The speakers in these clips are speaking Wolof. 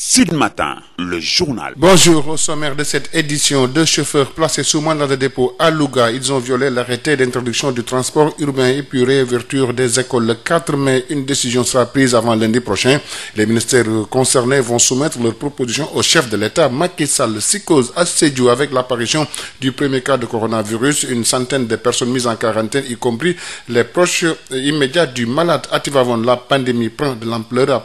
Sud Matin, le journal. Bonjour. Au sommaire de cette édition, deux chauffeurs placés sous mandat de dépôt à Louga. Ils ont violé l'arrêté d'introduction du transport urbain épuré ouverture des écoles mai. Une décision sera prise avant lundi prochain. Les ministères concernés vont soumettre leurs propositions au chef de l'État, Macky Sall. Psychose à Sédhiou avec l'apparition du premier cas de coronavirus. Une centaine de personnes mises en quarantaine, la pandémie prend de l'ampleur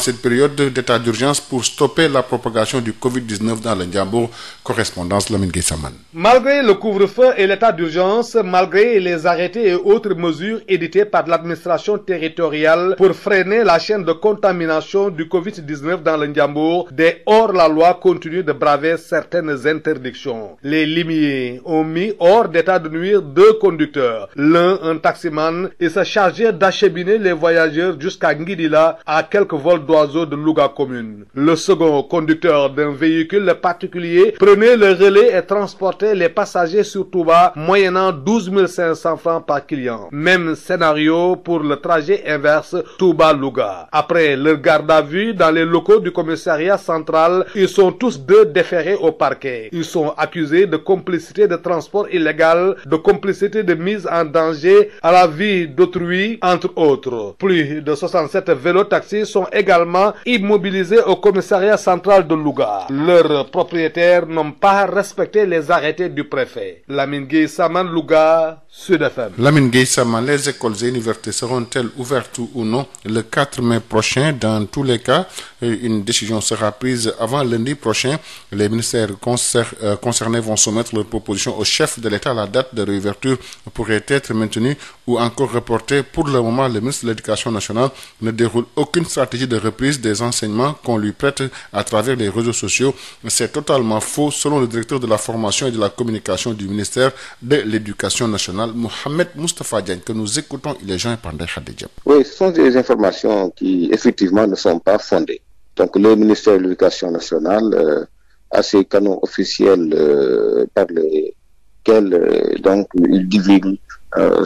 cette période d'état d'urgence pour stopper la propagation du covid dans le Ndiambour. Correspondance Lamine Gueye Saman. Malgré le couvre-feu et l'état d'urgence, malgré les arrêtés et autres mesures éditées par l'administration territoriale pour freiner la chaîne de contamination du Covid-19 dans le Ndiambour, des hors-la-loi continuent de braver certaines interdictions. Les limiers ont mis hors d'état de nuire deux conducteurs, l'un un taximan et se chargé d'oiseaux de Louga commune. Le second, conducteur d'un véhicule particulier, prenait le relais et transportait les passagers sur Touba, moyennant 12 500 francs par client. Même scénario pour le trajet inverse Touba-Louga. Après leur garde à vue dans les locaux du commissariat central, ils sont tous deux déférés au parquet. Ils sont accusés de complicité de transport illégal, de complicité de mise en danger à la vie d'autrui, entre autres. Plus de 67 vélotaxis sont également immobilisés au commissariat central de Louga. Leurs propriétaires n'ont pas respecté les arrêtés du préfet. Lamine Gueye Saman, Louga, Sud FM. Lamine Gueye Saman, les écoles et universités seront-elles ouvertes ou non le 4 mai prochain? Dans tous les cas, euh, une décision sera prise avant lundi prochain. Les ministères euh, concernés vont soumettre leurs propositions au chef de l'État. La date de réouverture pourrait être maintenue ou encore reportée. Pour le moment, le ministre de l'Éducation nationale reprise des enseignements qu'on lui prête à travers les réseaux sociaux. C'est totalement faux, selon le directeur de la formation et de la communication du ministère de l'Éducation nationale, Mohamed Moustapha Diagne, que nous écoutons. Il est Jean Pandé Khadija. Oui, ce sont des informations qui, effectivement, ne sont pas fondées. Donc, le ministère de l'Éducation nationale euh, a ses canaux officiels euh, par lesquels, euh, donc, il divulgue euh,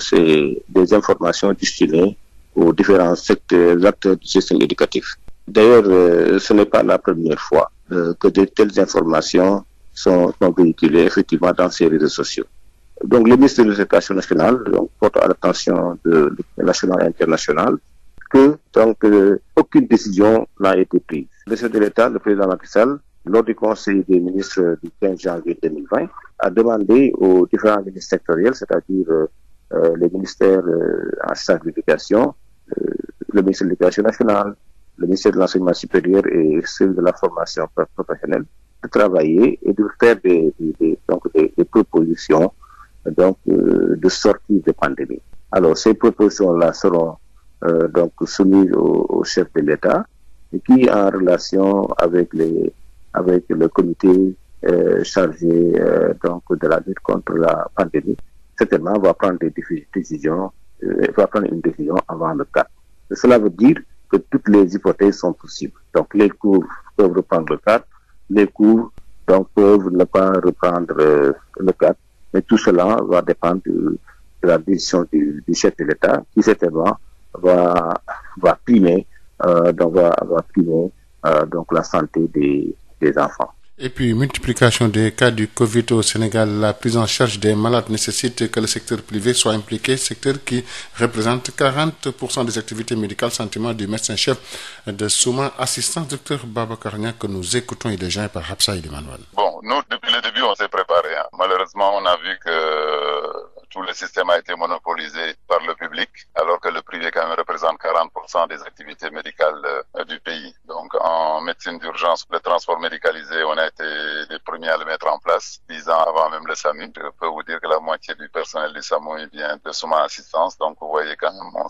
des informations destinées aux différents secteurs acteurs du système éducatif. D'ailleurs, euh, ce n'est pas la première fois euh, que de telles informations sont, sont, véhiculées effectivement dans ces réseaux sociaux. Donc, le ministre de l'Éducation nationale donc, porte à l'attention de l'Éducation nationale et internationale que donc, euh, aucune décision n'a été prise. Le chef de président Macky Sall, lors du Conseil des ministres du 15 janvier 2020, a demandé aux différents ministres sectoriels, c'est-à-dire euh, euh, les ministères en charge de l'éducation, Eh, le ministère de l'Éducation nationale, le ministère de l'Enseignement supérieur et eh, celui de la formation professionnelle de travailler et de faire des, des donc des, propositions donc euh, de sortie de pandémie. Alors ces propositions-là seront donc soumises au, au de l'État et qui en relation avec les avec le comité eh, chargé donc de la lutte contre la pandémie certainement va prendre des décisions Euh, il va prendre une décision avant le 4. cela veut dire que toutes les hypothèses sont possibles. Donc les cours peuvent reprendre le 4, les cours donc, peuvent ne pas reprendre euh, le 4, mais tout cela va dépendre de, la décision du, chef de l'État qui certainement va, primer, euh, la santé des enfants. Et puis, multiplication des cas du Covid au Sénégal, la prise en charge des malades nécessite que le secteur privé soit impliqué, secteur qui représente 40% des activités médicales, sentiment du médecin-chef de Souma, assistant docteur Babacar Niang, que nous écoutons, il est déjà par Hapsa de Bon, nous, depuis le début, on s'est préparé. Malheureusement, on a vu que tout le système a été monopolisé par le public, alors que le privé quand même représente 40% des activités médicales euh, du pays. en médecine d'urgence, le transport médicalisé, on a été les premiers à le mettre en place dix ans avant même le SAMU. Je peux vous dire que la moitié du personnel du SAMU vient de Souma Assistance, donc vous voyez quand même, on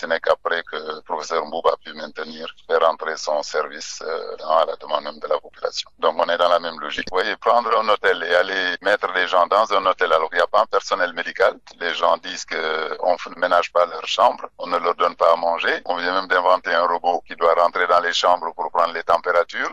ce n'est qu'après que le professeur Mboub pu maintenir, faire rentrer son service euh, à la demande même de la population. Donc on est dans la même logique. Vous voyez, prendre un hôtel et aller mettre les gens dans un hôtel alors n'y a pas un personnel médical, les gens disent qu'on ne ménage pas leur chambre, on ne leur donne pas à manger, on vient même d'inventer un robot qui doit rentrer dans les chambres pour prendre les températures.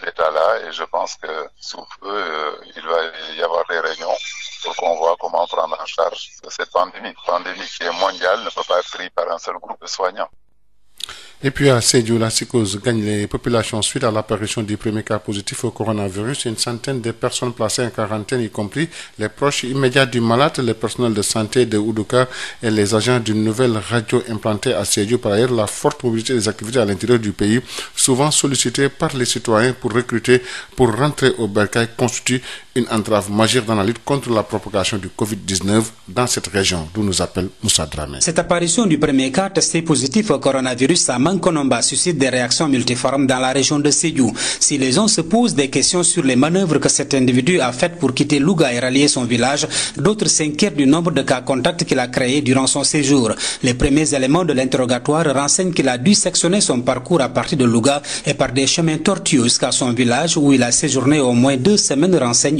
cet là et je pense que sous peu, euh, il va y avoir des réunions pour qu'on voit comment prendre en charge cette pandémie. pandémie qui est mondiale ne peut pas être prise par un seul groupe de soignants. Et puis à Sédio, la psychose gagne les populations suite à l'apparition du premier cas positif au coronavirus. Une centaine de personnes placées en quarantaine, y compris les proches immédiats du malade, le personnel de santé de Oudoukar et les agents d'une nouvelle radio implantée à Sédio. Par ailleurs, la forte mobilité des activités à l'intérieur du pays, souvent sollicitée par les citoyens pour recruter, pour rentrer au bercail, constitue une entrave majeure dans la lutte contre la propagation du covid dans cette région, d'où nous appelle Moussa Dramé. Cette apparition du premier cas testé positif au coronavirus à Mankonomba suscite des réactions multiformes dans la région de Sédiou. Si les gens se posent des questions sur les manœuvres que cet individu a faites pour quitter Louga et rallier son village, d'autres s'inquiètent du nombre de cas contacts qu'il a créés durant son séjour. Les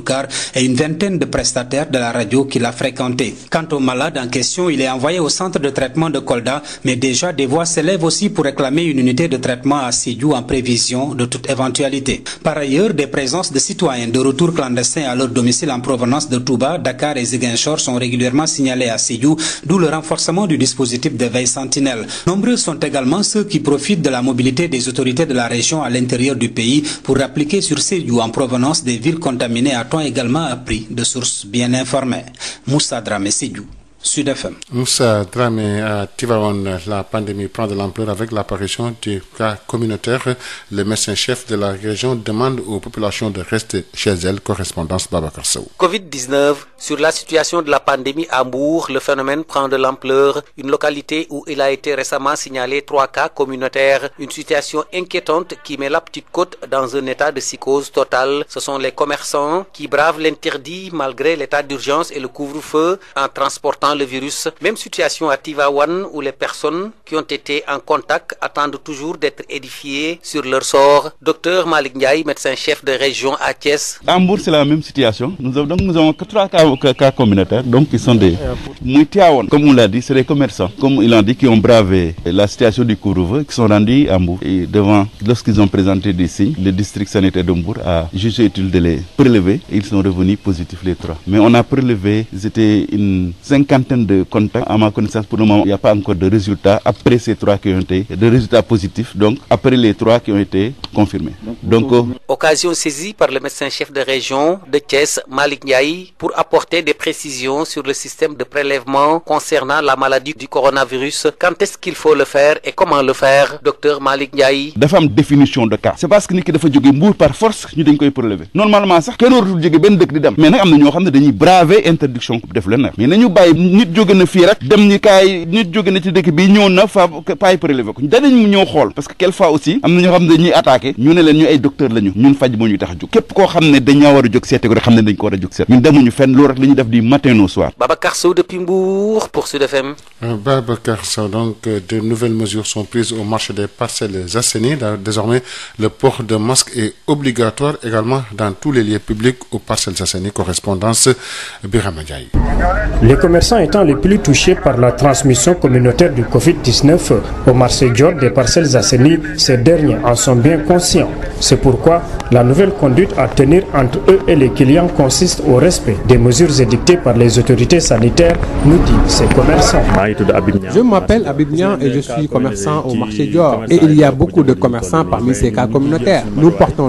Doucar une vingtaine de prestataires de la radio qu'il a fréquenté. Quant au malade en question, il est envoyé au centre de traitement de Kolda, mais déjà des voix s'élèvent aussi pour réclamer une unité de traitement à Sidiou en prévision de toute éventualité. Par ailleurs, des présences de citoyens de retour clandestin à leur domicile en provenance de Touba, Dakar et Ziguinchor sont régulièrement signalés à Sidiou, d'où le renforcement du dispositif de à t on également appris de sources bien informées. Moussa Dramé Sédhiou Sud la pandémie prend de l'ampleur avec l'apparition du cas communautaire. Le médecin-chef de la région demande aux populations de rester chez elles. Correspondance Babacar covid sur la situation de la pandémie à le phénomène prend de l'ampleur. Une localité où il a été récemment signalé trois cas communautaires. Une situation inquiétante qui met la petite côte dans un état de psychose totale. Ce sont les commerçants qui bravent l'interdit malgré avant le virus. Même situation à Tivawan où les personnes qui ont été en contact attendent toujours d'être édifiées sur leur sort. Docteur Malik médecin chef de région à Thiès. À c'est la même situation. donc, nous avons trois cas, euh, cas donc ils sont des... Tivawan, comme on l'a dit, c'est des commerçants, comme il a dit, qui ont bravé la situation du couvre-feu, qui sont rendus à Mbour. Et devant, lorsqu'ils ont présenté des signes, le district sanitaire centaine de contacts. À ma connaissance, pour le moment, il n'y pas encore de résultats après ces trois qui ont été, de résultats positifs, donc après les trois qui ont été confirmés. Donc, euh, Occasion saisie par le médecin chef de région de Thiès, Malik Ndiaye, pour apporter des précisions sur le système de prélèvement concernant la maladie du coronavirus. Quand est-ce qu'il faut le faire et comment le faire, docteur Malik Ndiaye dafa am de cas. c'est parce nit jóge na fii rek dem ni kaay nit jóge na ci dëkk bi ñëw na fa paay prélevé ko danañ ñëw xool parce que quelquefois aussi am na ñoo xam ne ñuy attaqué ñu ne leen ñu ay docteur la ñu faj moo ñu tax a jóg képp koo xam ne dañaa war a jóg seete ko rek xam ne dañ ko war a jóg seet ñun demuñu fenn loolu rek la ñuy def du matin au soir Babacar Sow depuis Mbour pour Sud FM euh, Babacar Sow donc euh, de nouvelles mesures sont prises au marché des Parcelles Assainies le port de masque est obligatoire également dans tous les lieux étant les plus touchés par la transmission communautaire du covid Au marché Dior des parcelles assainies, ces derniers en sont bien conscients. C'est pourquoi la nouvelle conduite à tenir entre eux et les clients consiste au respect des mesures édictées par les autorités sanitaires, nous dit ces commerçants. Je m'appelle Abibnian et je suis commerçant au marché Dior. Et il y a beaucoup de commerçants parmi ces cas communautaires. Nous portons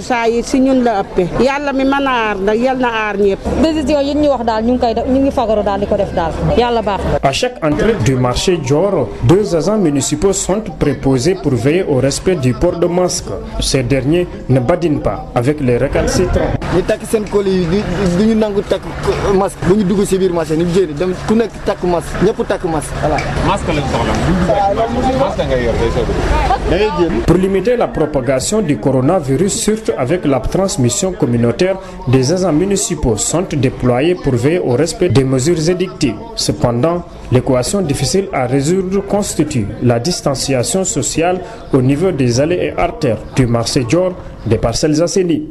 saa yi si ñun la ëppee yàlla mi mën aar nag yal na aar ñëpp. décision yi ñu wax daal ñu ngi koy ñu ngi fagaru daal di ko def daal yàlla baax na. À chaque entrée du marché Dior deux agents municipaux sont préposés pour veiller au respect du port de masque ces derniers ne badinent pas avec les récalcitrants. ñu takk seen kóol yi du ñu nangu takk masque bu ñu dugg si biir marché ni jéem dem ku nekk takk masque ñëpp takk masque voilà. masque lañ a dugg. la propagation du coronavirus stricte avec la transmission communautaire des agents municipaux sont déployés pour veiller au respect des mesures édictives. Cependant, l'équation difficile à résoudre constitue la distanciation sociale au niveau des allées et artères du marché Dior des Parcelles Assainies. ni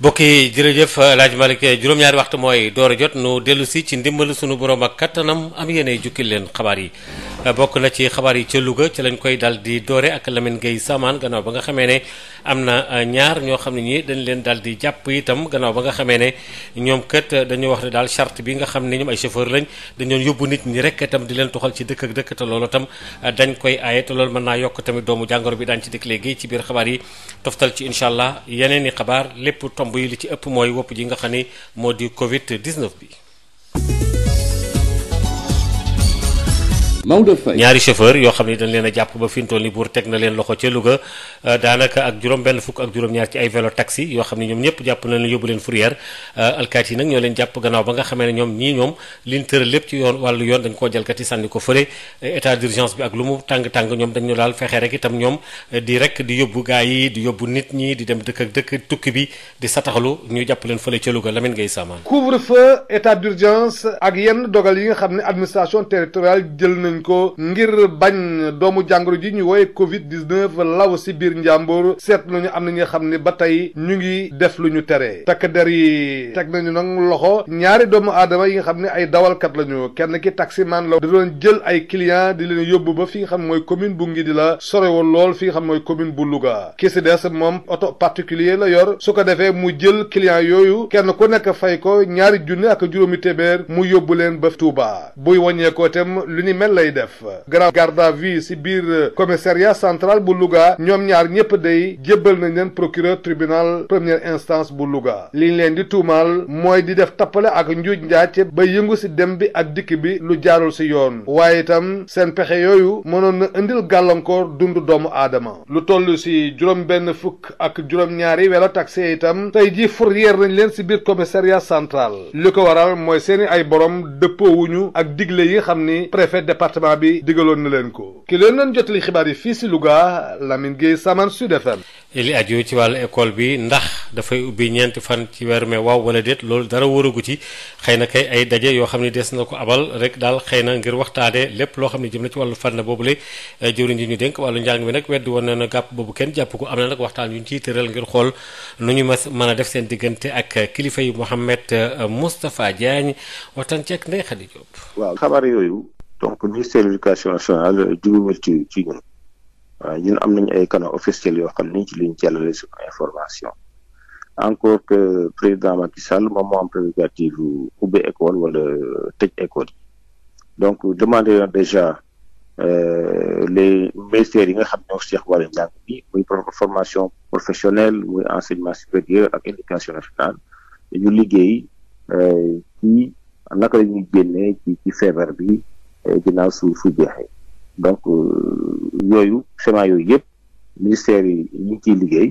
mbokk yi jërëjëf euh, laaj Malick euh, juróom-ñaari waxtu mooy door a jot nu dellu si ci ndimbalu sunu borom ak kattanam am yéene jukkil leen xabaar yi euh, bokk na ci xabaar yi ca luga ci lañ koy daal di doore ak Lamine Gueye Samaan gannaaw ba nga xamee ne am na ñaar ñoo xam ne ñi dañ leen dal di jàpp itam gannaaw ba nga xamee ne ñoom kët dañu wax ne daal charte bi nga xam ne ñoom ay chauffeur dañ dañoon yóbbu nit ñi rek itam di leen toxal ci dëkk ak dëkk te loolu itam dañ koy aaye te loolu mën naa yokk tamit doomu jàngoro bi daan ci dëkk léegi ci biir xabaar yi tomb li ci ëpp mooy wopp ji nga xam ni moo di Covid 19 bi. Maodo Faye ñaari chauffeur yoo xam ne dañ leen a jàpp ba fi mu toll nii buur teg na leen loxo ca Louga euh, daanaka ak juróom benn fukk ak juróom-ñaar ci ay vélo taxi yoo xam ne ñoom ñëpp jàpp leen yóbbu leen euh, yi nag ñoom bi ak lu euh, di rek di yóbbu gaa yi di yóbbu nit ñi di dem dëkk ak dëkk tukki bi di sataxalu ñu jàpp leen fële ca Louga Lamine Gueye Samane couvre-feu état d'urgence ak yenn dogal yi nga xam ne administration territoriale jël na nañ ko ngir bañ doomu jàngoro ji ñu wooye covid 19 law si biir njàmbur seet nañu am na ñi xam ne ba tey ñu ngi def lu ñu tere takk der yi teg nañu nag loxo ñaari doomu aadama yi nga xam ne ay dawalkat lañu kenn ki taximaan la da doon jël ay client di leen yóbbu ba fi nga xam mooy commune bu ngi di la sorewul lool fi nga xam mooy commune bu Louga ki si des moom oto particulier la yor su ko defee mu jël client yooyu kenn ku nekk fay ko ñaari junni ak mu yóbbu lay def gannaaw garde à vue si biir euh, commissariat central bu Louga ñoom ñaar ñépp day jébbal nañ leen procureur tribunal première instance bu Louga liñ leen di tuumaal mooy di def tappale ak njuuj njaace ba yëngu si dem bi ak dikk bi lu jaarul si yoon waaye itam seen pexe yooyu mënoon na indil gàllankoor dundu doomu aadama lu toll si juróom benn fukk ak juróom ñaari welo taxi itam tey ji fourrière nañ leen si biir commissariat central li ko waral mooy département bi digaloon na leen ko ki leen leen jotali xibaar yi fii si Louga Lamine Gueye Saman Sud FM li aju ci wàllu école bi ndax dafay ubbi ñeenti fan ci weer mai waaw wala déet loolu dara waragu ci xëy na kay ay daje yoo xam ne des na ko abal rek daal xëy na ngir waxtaane lépp loo xam ne jëm na ci wàllu fan fànn boobu la eh, jëwriñ ji ñu dénk wàllu njàng mi nag weddi woon na na gàpp boobu kenn jàpp ko am na nag waxtaan yu ñu ciy tëral ngir xool nu ñu mas mën def seen diggante ak kilifa yi Mouhamed eh, Moustapha Diagne waxtaan ci ak Ndeye Khady Diop donc ministère de l'éducation nationale euh, jugumul ci ci ñun waaw ñun am nañu ay kana officiels yoo xam ni ci liñ jàllale suñu information encore que président Macky Sall moom moo am prérogative ubbi école wala euh, tëj école yi donc demandé na déjà euh, les ministères yi nga xam ne aussi wàllu njàng bi muy formation professionnelle muy enseignement supérieur ak éducation nationale ñu liggéey ci naka la ñuy ci feebar bi. Euh, ginnaaw su fu jeexee donc euh, yooyu schéma yooyu yëpp ministère yi ñu ngi ciy liggéey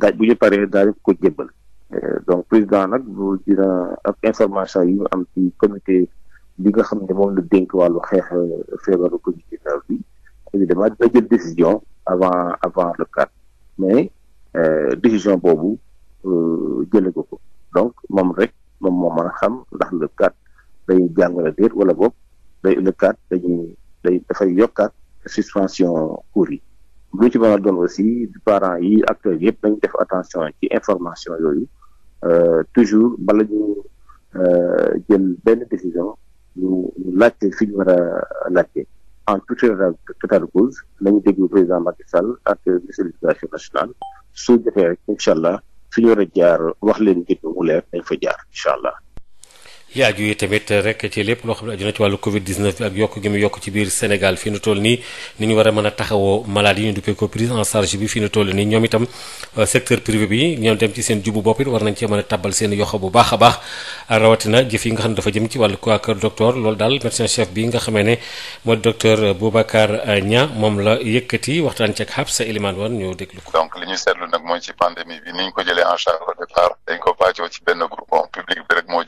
daaj bu ñu paree daal ko jébbal euh, donc président nag bu dina ak information yi ñu am ci comité bi nga xam ne moom la dénk wàllu xeex feebaru Covid dix-neuf bi évidemment dina décision avant avant le quatre mais décision boobu jële ko ko donc moom rek moom moo mën a xam ndax le quatre dañuy jàngale déet wala boog day le quatre dañuy day dafay yokkaat suspension cours yi lu ci mën a doon aussi parents yi acteurs yëpp dañu def attention ci information yooyu euh, toujours bala ñu euh, jël benn décision ñu ñu laajte fi ñu a laajte en toute état cause nañu déglu président Macky Sall ak ministre de l'éducation nationale su jotee rek incha allah fi ñu war jaar wax leen njëkk mu leer dañ fa jaar incha allah. yi aju yi tamit rek ci lépp loo xam ne aju na ci wàllu Covid 19 bi ak yokk gi mu yokk ci biir Sénégal fi nu toll nii ni ñu war a mën a taxawoo malade yi ñu duppee ko prise en charge bi fi nu toll nii ñoom itam euh, secteur privé bi ñoom dem ci seen jubu bopp war nañ cee mën a tabbal seen yoxo bu baax a baax rawatina jëf yi nga xam ne dafa jëm ci wàllu ko ak docteur loolu daal médecin chef bi nga xamee ne mooy docteur Boubacar Niang moom la yëkkati waxtaan ceeg xab sa élément woon ñu déglu ko. donc li ñu seetlu nag mooy ci pandémie bi ni ñu ko jëlee en charge au départ dañ ko pàccoo ci moo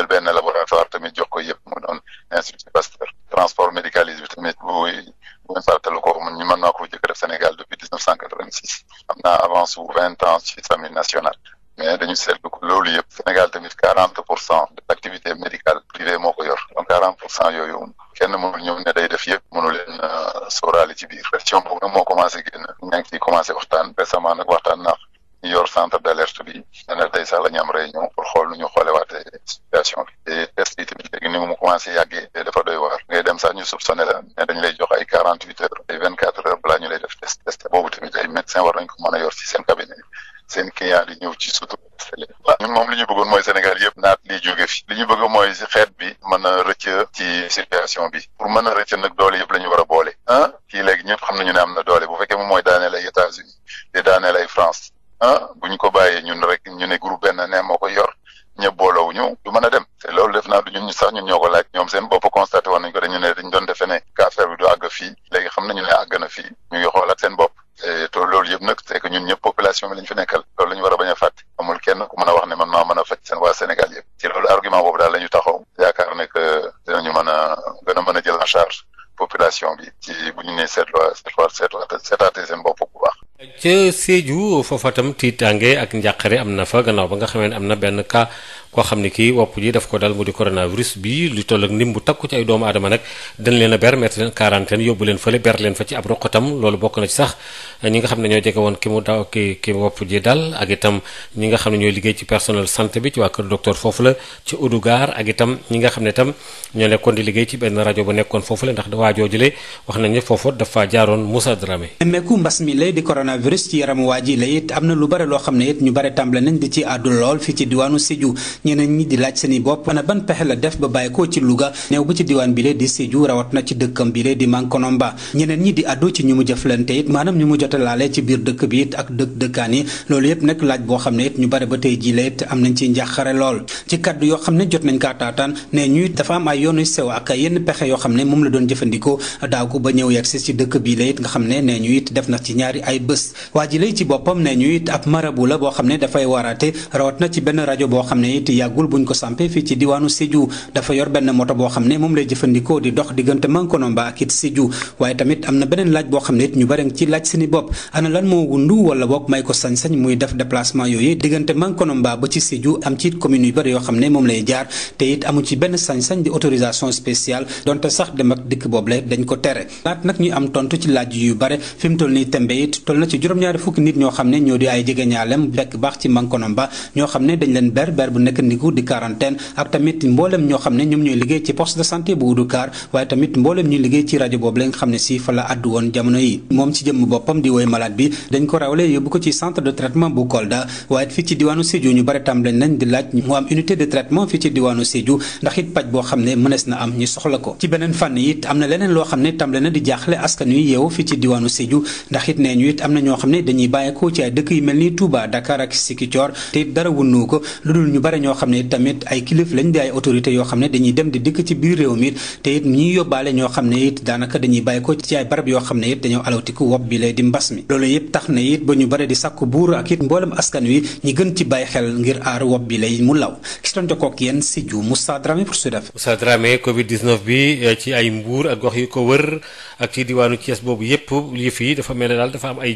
jël benn laboratoire tamit jox ko yëpp mu Pasteur transport médicalisé tamit bu bu ngeen fàttali ko ñu mën naa ko Sénégal depuis dix neuf cent quatre vingt six am naa avance vingt ans ci SAMU national mais dañu seetlu ko loolu yëpp Sénégal tamit quarante pour cent activité médicale privée moo yor quarante pour cent yooyu kenn mënul ñëw day def yëpp mënu leen euh, sóoraale ci biir question boobu commencé génn ñaa commencé waxtaan yor centre d' alerte bi leneen tey sax réunion pour xool nu ñu xoolewaatee situation bi te test yi tamit léegi ni mu commencé yàggee te dafa doy waar ngay dem sax ñu soupçonné la ne dañ lay jox ay quarante huit heures ay vingt quatre heures balaa ñu lay def test test boobu tamit ay médecin war nañ ko mën a yor ci seen cabinet seen client di ñëw ci sutura waaw ñun moom li ñu bëggoon mooy Sénégal yëpp naat lii jóge fi li ñu bëgg mooy si xeet bi mën a ci situation bi pour mën a rëcc yëpp la ñu war a boole kii ah, léegi ñëpp xam nañu ne am na doole bu fekkee moom mooy daaneel ay ah bu ñu ko bàyyee ñun rek ñu ne groupe benn ne moo ko yor ñëpp booloo ñu du mën a dem te loolu def naa du ñun ñu sax ñun ñoo ko laaj ñoom seen bopp constaté woon nañ ko dañu ne dañ doon defe ne affaire bi du àgg fii xam nañu ne àgg na fii ñu ngi xoolaat seen bopp te loolu yëpp nag c'est ñun ñëpp population bi lañ fi nekkal loolu la ñu war a bañ a fàtte amul kenn ku mën a wax ne man a faj seen waa Sénégal yëpp ci loolu argument boobu daal la ñu taxaw yaakaar ne que dinañu mën a gën a mën a jël en charge population bi ci bu ñu nee seetluwaat seetluwaat seetaatee seen bopp bu baax ca Sédhiou foofa tam tiitaange ak njàqare am na fa gannaaw ba nga xamee ne am na benn cas koo xam ne kii wopp ji daf ko dal mu di coronavirus bi lu toll ak nim bu takku ci ay doomu aadama nag dañ leen a ber mettre leen quarantaine yóbbu leen fële ber leen fa ci ab roq tam loolu bokk na ci sax ñi nga xam ne ñoo jege woon ki mu daw ki ki wopp ji dal ak itam ñi nga xam ne ñooy liggéey ci personnel santé bi ci waa kër docteur foofu la ci Oudugar ak itam ñi nga xam ne itam ñoo nekkoon di liggéey ci benn rajo bu nekkoon foofu la ndax waajoo jële wax nañ ne foofu dafa jaaroon Moussa Dramé coronavirus ci yaram waa ji la it am na lu bare loo xam ne it ñu la def ba ba ci diwaan bi lee di Sédhiou rawat na ci dëkkam bi lee di Mankonomba ñeneen ñi di àddu ci ñu mu jëflante it maanaam ñu mu jote laale ci biir dëkk dafa am ay yoonu sew ak yenn pexe yoo xam ne moom la doon jëfandikoo daaw ba ñëw yegsi ci dëkk bi la nga xam ne nee it def na ci ñaari ay bés gis waa ji lay ci boppam ne ñu it ab marabu la boo xam ne dafay waraate rawat na ci benn rajo boo xam ne it yàggul buñ ko sampee fii ci diwaanu Sédhiou dafa yor benn moto boo xam ne moom lay jëfandikoo di dox diggante Mankonomba ak it Sédhiou waaye tamit am na boo xam ne ñu bari ci laaj seeni bopp ana lan moo wundu wala boog may ko sañ-sañ muy def déplacement yooyu diggante Mankonomba ba ci Sédhiou am ci it commune yu bari yoo xam ne moom lay jaar te it amu ci benn sañ-sañ di autorisation special donte sax dem ak dikk boob le dañ ko tere laat nag ñu am tontu ci laaj yu bare fi toll nii tembe it toll na ci juróom-ñaari fukki nit ñoo xam ne ñoo di ay jegeñaalem fekk baax ci Mankonomba ñoo xam ne dañ leen ber ber bu nekk di quarantaine ak tamit mboolem ñoo xam ne ñoom ñooy liggéey ci poste de santé bu Oudoukar waaye tamit mboolem ñuy liggéey ci rajo boobu la nga xam ne si fa la àddu woon jamono yi moom ci jëmm boppam di woy malade bi dañ ko rawale yóbbu ko ci centre de traitement bu Kolda waaye fii ci diwaanu Sédhiou ñu bari tam lañ nañ di laaj mu am unité de traitement fii ci diwaanu Sédhiou ndax it paj boo xam ne na am ñu soxla ko ci beneen fànn it am na leneen loo xam ne tam na di jaaxle askan wi yeewu fii ci am na ñoo xam ne dañuy bàyyeekoo ci ay dëkk yu mel ni Touba Dakar ak Sikicoor te dara wunnu ko lu dul ñu bare ñoo xam ne tamit ay kilif lañ di ay autorités yoo xam ne dañuy dem di dikk ci biir réew mi te it ñuy yóbbaale ñoo xam ne it daanaka dañuy bàyyeekoo ci ay barab yoo xam ne it dañoo alawtiku wopp bi lay di mbas mi loolu yëpp tax na it ba ñu bare di sàkku buur ak it mboolem askan wi ñi gën ci bàyyi xel ngir aar wopp bi lay mu law ki doon jokkoo ak si ju Moussa Dramé pour Sud FM Moussa Dramé Covid 19 bi eh, ci ko wër ak ci diwaanu Thiès boobu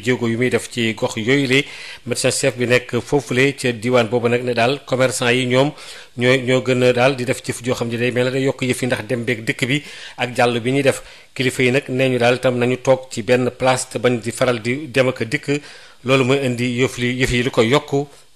jéego yu muy def ci gox yooyu le médecin chef bi nekk foofule ca diwaan boobu nag ne daal commerçant yi ñoom ñooy ñoo gën a daal di def jëf joo xam ne day mel ne day yokk yëf yi ndax dem beeg dëkk bi ak jàll bi ñuy def kilifa yi nag nee ñu daal itam nañu toog ci benn place te bañ di faral di dem ak dikk loolu mooy indi yëf li yëf yi li ko yokk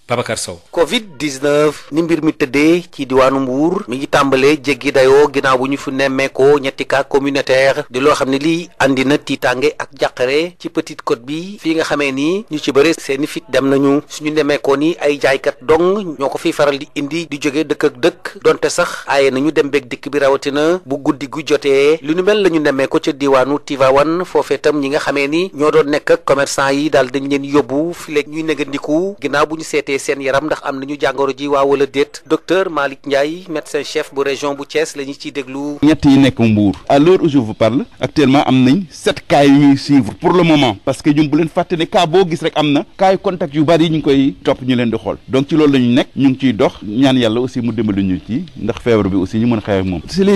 Babacar Sow Covid 19 ni mbir mi tëddee ci diwaanu mbuur mi ngi tàmbalee jéggi dayoo ginnaaw bu ñu fi nemmeekoo ñetti cas communautaire di loo xam ne lii andi na tiitaange ak jàqare ci Petite Côte bi fii nga xamee ni ñu ci bëre seeni fit dem nañu suñu nemmeekoo ni ay jaaykat dong ñoo ko fiy faral di indi di jóge dëkk ak dëkk donte sax aaye nañu dem beeg dikk bi rawatina bu guddi gu jotee lu nu mel la ñu nemmeekoo ca diwaanu Tivaouane foofee tam ñi nga xamee ni ñoo doon nekk ak commerçant yi daal dañ leen yóbbu fi léegi ñuy négandiku ginnaaw bu ñu seetee laajtee seen yaram ndax am nañu jàngoro ji waa wala déet docteur Malick Ndiaye médecin chef bu région bu Thiès la ñu déglu. ñett yi nekk Mbour. à l'heure où parle actuellement am nañ sept cas yu ñuy suivre pour le moment parce que ñun bu leen fàtte ne cas boo gis rek am na cas contact yu bari ñu koy topp ñu leen di xool donc ci loolu la nekk ñu ngi ciy dox ñaan yàlla aussi mu dimbali ñu ci ndax feebar bi aussi ñu mën a xeex moom. c'est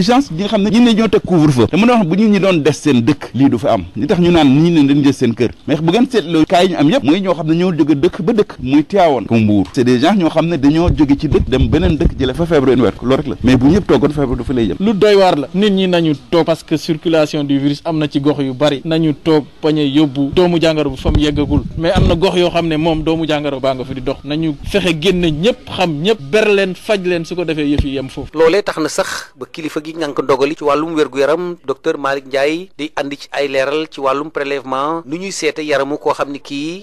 ñu xam Mbour c'est des gens ñoo xam ne dañoo jóge ci dëkk dem beneen dëkk jële fa feebar indi ko loolu rek la mais bu ñëpp toogoon feebar dafa lay lu doy waar la nit ñi nañu toog parce circulation du virus am na ci gox yu bari nañu toog bañ a yóbbu doomu jàngoro bu fa mu yeggagul mais am na gox yoo xam ne moom doomu jàngoro baa nga fi di dox nañu fexe génn ñëpp xam ñëpp ber faj leen su ko defee yëf yi yem foofu loolee tax na sax ba kilifa gi ngànk ndogali ci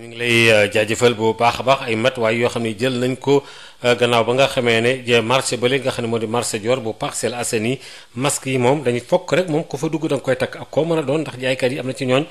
ñu ngi lay euh, jaajëfal bu baax a baax ay matuwaay yoo xam ne jël nañ ko euh, gannaaw ba nga xamee ne marché ba léegi nga xam ne moo di marché Dior bu Parcelles Assainies masque yi moom dañuy fokk rek moom ku fa dugg danga koy takk ak ko mën a doon ndax jaaykat yi am na ci ñooñ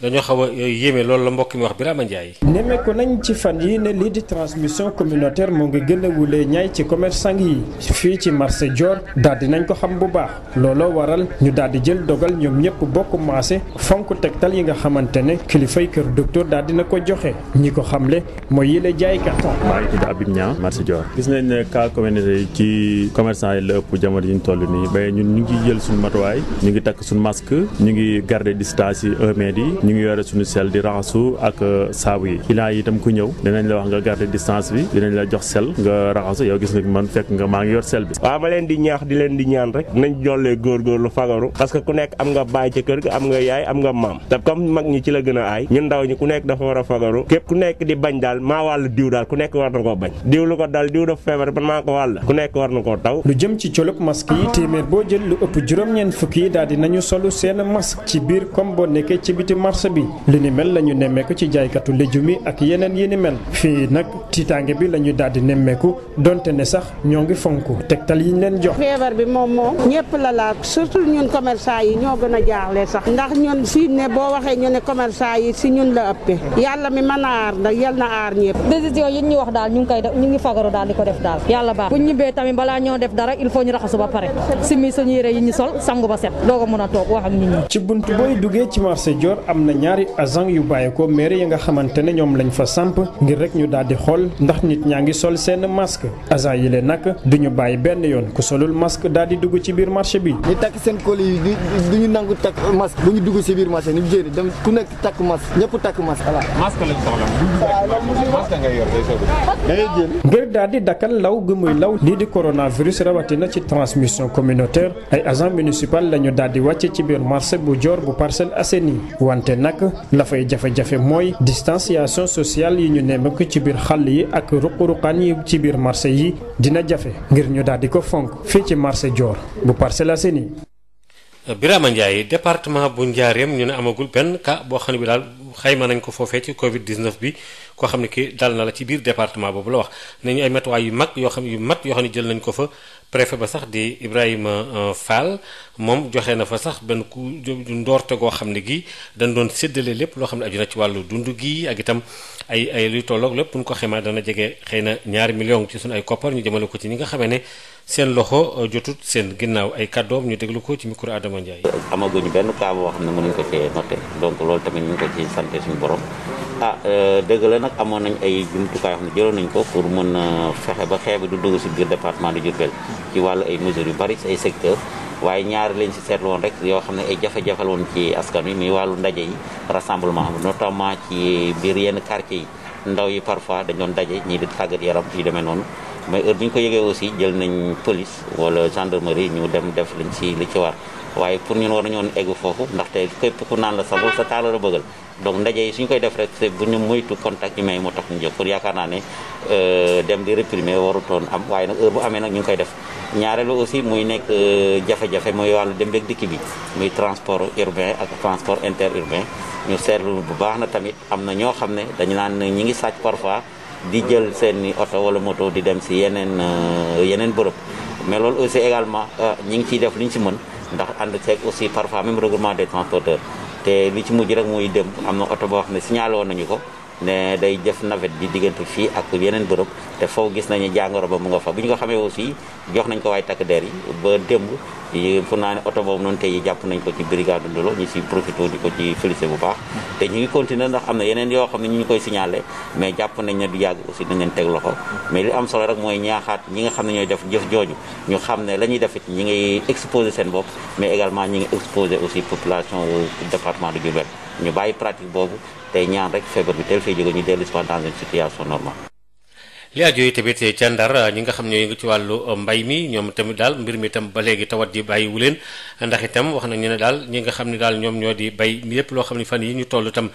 dañoo xaw a euh, yéeme loolu la mbokk mi wax Birama Ndiaye. nemmeeku nañ ci fan yi ne lii di transmission communautaire mu ngi gën a wulee ñaay ci commerçant yi fii ci marché Dior daal di nañ ko xam bu baax looloo waral ñu daal di jël dogal ñoom ñëpp bokk maase fonk tegtal yi nga xamante ne kilifay kër docteur daal dina ko joxe ñi ko xamle mooy yile jaaykat. maa ngi tudd Habib Niang marché Dior. gis nañ ne cas communautaire yi ci commerçant yi la ëpp jamono yi ñu toll nii ba ñun ñu ngi jël suñu matuwaay ñu ngi takk suñu masque ñu ngi garder distance yi un yi ñu ngi yore suñu sel di raxasu ak euh, saabu yi client yi itam ku ñëw dinañ la wax nga garder distance bi dinañ la jox sel nga raxasu yow gis nga man fekk nga maa ngi yor sel bi waaw ma leen di ñaax di leen di ñaan rek nañ jollee góorgóorlu fagaru parce que ku nekk am nga baay ca kër ga am nga yaay am nga maam te comme mag ñi ci la gën a aay ñun ndaw ñi ku nekk dafa war a fagaru képp ku nekk di bañ daal maa wàll diw daal ku nekk war na koo bañ diw lu marché bi bi la ñu daal di nemmeeku donte ne ñoo ngi fonk tegtal yi ñu leen jox. feebar bi moom moom ñëpp la laal surtout ñun commerçant yi ñoo gën a jaaxle sax ndax ñun fii ne boo waxee ñu ne commerçant yi si ñun la ëppee yàlla mi mën a aar nag yal na aar ñëpp. décision yi ñu wax daal ñu ngi koy def ñu ngi fagaru daal di ko def daal yàlla baax bu ñu ñibbee tamit balaa ñoo def dara il faut raxasu ba pare simi suñu yére yi ñu sol sangu ba set doo ko mën a toog wax ak nit ñi. ci buntu booy duggee ci marché Dior am am na agent yu bàyyeekoo mairie yi nga xamante ne ñoom lañ fa samp ngir rek ñu daal di xool ndax nit ñaa ngi sol seen masque agent yi leen nag ñu bàyyi benn yoon ku solul masque daal di dugg ci biir marché bi. ñu takk seen colis yi du ñu nangu takk masque bu ñu dugg ci biir marché ñu jéem dem ku nekk takk masque ñëpp takk masque voilà. masque lañ soxla masque ngay yor day soog a ngir daal di dakkal law gu muy law lii di coronavirus rawatina ci transmission communautaire ay agent municipal lañu daal di wàcce ci biir marché bu joor bu Parcelles Assainies wante. wante nag la jafe-jafe mooy distanciation sociale yi ñu nemmeeku ci biir xàll yi ak ruq-ruqaan yi ci biir marché yi dina jafe ngir ñu daal di ko fonk fii ci marché Dior bu Parcelles Assainies. Birama Ndiaye département bu Ndiarème ñu ne amagul benn cas boo xam ne bi daal. xayma nañ ko foofee ci Covid 19 bi koo xam ne ki dal na la ci biir département boobu la wax nañu ay matuwaay yu mag yoo xam yu mat yoo xam ne jël nañ ko fa préfet ba sax di Ibrahima euh, Fall moom joxe na fa sax benn ku ndoorte goo xam ne gi dañ doon séddale lépp loo xam ne aju na ci wàllu dund gi ak itam ay ay luy tolloog lépp buñ ko xaymaa dana jege xëy na ñaari million ci suñu ay koppar ñu jëmale ko ci ñi nga xamee ne seen loxo euh, jotut seen ginnaaw ay kàddoom ñu déglu ko ci micro Adama Ndiaye. amaguñu benn cas boo xam ne mënuñ ko donc loolu tamit sante suñu borom ah euh, dëgg la nag amoon nañ ay jumtukaay yoo xam ne jëloon nañ ko pour mën a fexe ba xeebi du dugg si biir département de Diourbel ci wàllu ay mesures yu bari si ay secteurs waaye ñaari lañ si seetlu woon rek yoo xam ne ay jafe-jafe ci askan wi muy wàllu ndaje yi rassemblement notamment ci biir yenn quartier yi ndaw yi parfois dañ doon daje ñii di tàggat yaram yu demee noonu mais heure bi ñu ko yëgee aussi jël nañ police wala gendarmerie ñu dem def liñ si li ci war waaye pour ñun war nañoon egg foofu ndaxte képp ku naan la sa bopp sa taal la bëggal donc ndaje yi suñ koy def rek c'est bu ñu moytu contact yi may moo tax ñu pour yaakaar naa ne euh, dem di réprimer warutoon am waaye nag heure bu amee nag ñu ngi koy def ñaareelu aussi muy nekk euh, jafe-jafe mooy wàllu dem beeg dikk bi muy transport urbain ak transport interurbain ñu seetlu bu baax na tamit am na ñoo xam ne dañu naan ñi ngi sàcc parfois di jël seeni oto wala moto di dem si yeneen euh, yeneen bërëb mais loolu aussi également ñi ngi ciy def lu ñu si mën ndax ànd ceeg aussi parfois même regroupement des transporteurs te li ci mujj rek mooy dem am na oto boo xam ne signalé woon nañu ko ne day def navette bi diggante fii ak yeneen bërëb te foo gis nañu jàngoro ba mu nga fa bu ñu ko xamee aussi jox nañ ko waay takk der yi ba démb fu naa ne oto boobu noonu tey jàpp nañ ko ci brigade Ndolo ñu si profité di ko ci félicité bu baax te ñu ngi continuer ndax am na yeneen yoo xam ne ñu ngi koy signalé mais jàpp nañ ne du yàgg aussi nañ leen teg loxo mais li am solo rek mooy ñaaxaat ñi nga xam ne ñooy def jëf jooju ñu xam ne la ñuy def it ñi ngi exposé seen bopp mais également ñi ngi exposé aussi population département de Diourbel ñu bàyyi pratique boobu tey ñaan rek feebar bi teel fee jóge ñu dellu si dans une situation normale. li aju yi tamit ca Ndar ñi nga xam ne yëngu ci wàllu uh, mbay mi ñoom tamit daal mbir mi tam ba léegi tawat ji bàyyiwu leen ndax itam wax nañu ne daal ñi nga xam ne daal ñoom ñoo di bay lépp loo xam ne fan yi ñu toll itam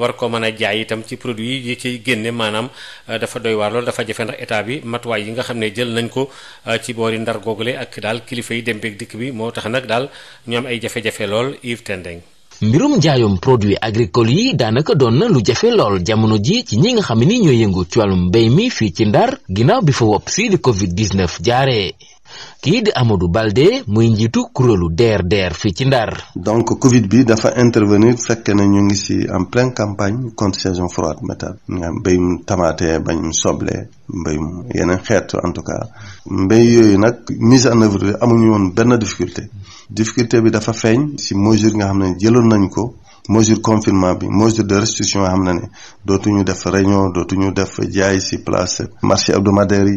war ko mën a jaay itam ci produit yi ciy génne maanaam uh, dafa doy waar loolu dafa jafe ndax état bi matuwaay yi nga xam ne jël nañ ko uh, ci boori Ndar googule ak daal kilifa yi dem beeg dikk bi moo tax nag daal ñoom ay jafe-jafe lool Yves mbirum njaayum produit agricole yi daanaka doon na lu jafe lool jamono ji ci ñi nga xam ni ñoo yëngu ci wàllum mbéy mi fii ci ndar ginnaaw bi fa wopp si di covid 19 jaaree kii di Amadou Balde muy njiitu kuréelu DRDR fii ci Ndar. donc Covid bi dafa intervenir fekk na ñu ngi si en pleine campagne contre saison froide métal nga mbéyum tamaate bañum soble mbéyum yeneen xeet en tout cas mbéy yooyu nag mise en œuvre amuñu woon benn difficulté difficulté bi dafa feeñ si mesure nga xam ne jëloon nañ ko. mesure confinement bi mesure de restriction am na ne dootu ñu def réunion dootuñu def jaay ci place marché hebdomadaire yi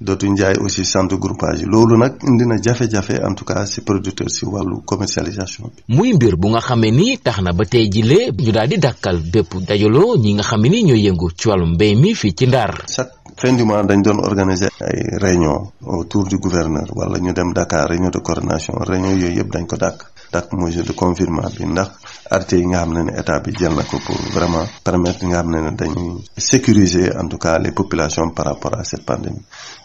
dootuñu jaay aussi centre groupage yi loolu nag indi na jafe-jafe en tout cas ci producteur ci wàllu commercialisation bi. muy mbir bu nga xamee ni tax na ba tey jile ñu daal di dàkkal bépp dajaloo ñi nga xam ni ñooy yëngu ci wàllu mbéy mi fii ci Ndar. fin du mois dañ doon organiser ay réunion autour du gouverneur wala ñu dem Dakar réunion de coordination réunion yooyu yëpp dañ ko dàkk takk mooy de confinement bi ndax arrêté yi nga xam ne ne état bi jël na ko pour vraiment permettre nga xam ne ne dañuy sécuriser en tout cas les populations par rapport à cette pandémie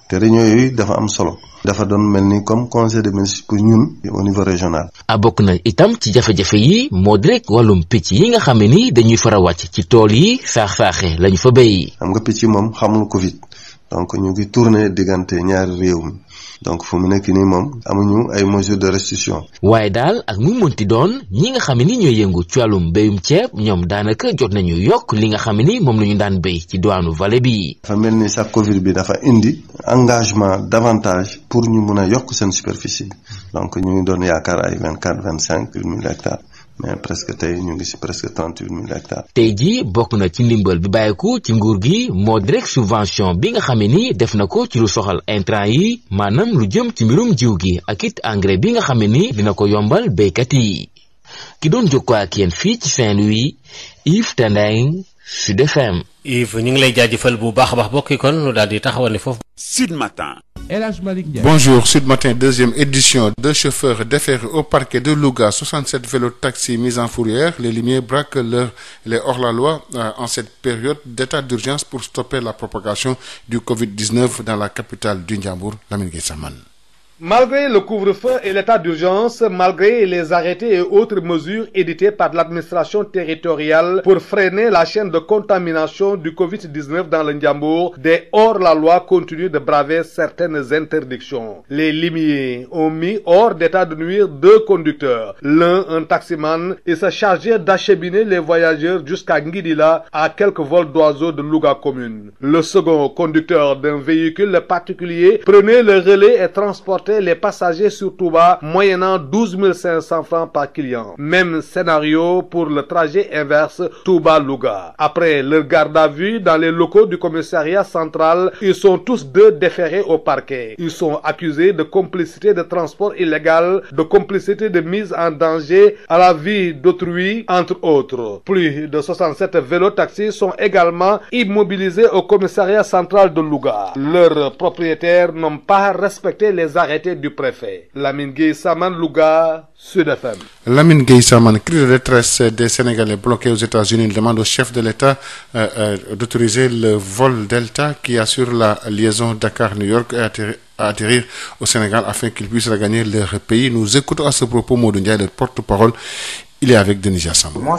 te réunion yooyu dafa am solo dafa doon mel ni comme conseil de ministres pour ñun au régional. a ah, bokk na itam ci jafe-jafe yi moo di rek picc yi nga xam ne ni dañuy fara wàcc ci tool yi saax saaxe lañu fa béy. xam nga picc moom xamul Covid donc ñu ngi tourné diggante ñaari réew mi. donc fu mu nekk nii moom amuñu ay mesures de restitution. waaye daal ak mu mënti doon ñi nga xam ni ñoo yëngu ci wàllum béyum ceeb ñoom daanaka jot nañu yokk li nga xam ni moom la ñu daan béy ci diwaanu vale bi. dafa mel ni sax Covid bi dafa indi engagement davantage pour ñu mun a yokk seen superficie donc ñu ngi doon yaakaar ay vingt quatre vingt cinq mille hectares. mais presque tey ñu ngi tey jii bokk na ci ndimbal bi bàyyeeku ci nguur gi moo di rek subvention bi nga xamee ni def na ko ci lu soxal intrant yi maanaam lu jëm ci mbirum jiw gi ak it engrais bi nga xamee ni dina ko yombal béykat yi. ki doon jokkoo ak yéen fii ci Saint-Louis Yves Tendeng Sud FM. Yves ñu ngi lay jaajëfal bu baax a baax bokki kon nu daal di taxawal ni foofu. Sud Matin. Bonjour, Sud Matin, deuxième édition. Deux chauffeurs déférés au parquet de Louga, 67 vélos taxis mis en fourrière. Les limiers braquent leur, les hors-la-loi euh, en cette période d'état d'urgence pour stopper la propagation du Covid-19 dans la capitale du Ndiambour, Lamine Gueye Samane. Malgré le couvre-feu et l'état d'urgence, malgré les arrêtés et autres mesures éditées par l'administration territoriale pour freiner la chaîne de contamination du Covid-19 dans le Ndiambour, des hors-la-loi continuent de braver certaines interdictions. Les limiers ont mis hors d'état de nuire deux conducteurs, l'un un taximan et se chargeait d'acheminer les voyageurs jusqu'à Ngidila à quelques vols d'oiseaux de Louga commune. Le second conducteur d'un rembourser les passagers sur Touba moyennant 12 500 francs par client. Même scénario pour le trajet inverse Touba-Louga. Après leur garde à vue dans les locaux du commissariat central, ils sont tous deux déférés au parquet. Ils sont accusés de complicité de transport illégal, de complicité de mise en danger à la vie d'autrui, entre autres. Plus de 67 vélotaxis sont également immobilisés au commissariat central de Louga. Leurs propriétaires n'ont pas respecté les arrêté du préfet. Lamine Gueye Saman, Louga, Sud FM. Lamine Gueye Saman, cri de détresse des Sénégalais bloqués aux États-Unis. Il demande au chef de l'État euh, euh d'autoriser le vol Delta qui assure la liaison Dakar-New York à atterrir au Sénégal afin qu'ils puissent regagner leur pays. Nous écoutons à ce propos Modou Ndiaye, le porte-parole. Il est avec Denis Jassam. Moi,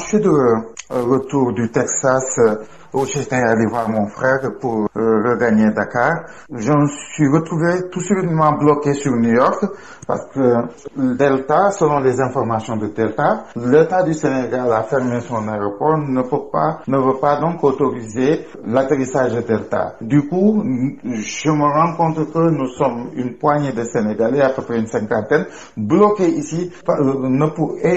j'étais allé voir mon frère pour euh, regagner Dakar. Je me suis retrouvé tout subitement bloqué sur New York parce que Delta, selon les informations de Delta, l'État du Sénégal a fermé son aéroport, ne veut pas donc autoriser l'atterrissage de Delta. Du coup, je me rends que nous sommes une poignée de Sénégalais, à peu une cinquantaine, bloqués ici, euh,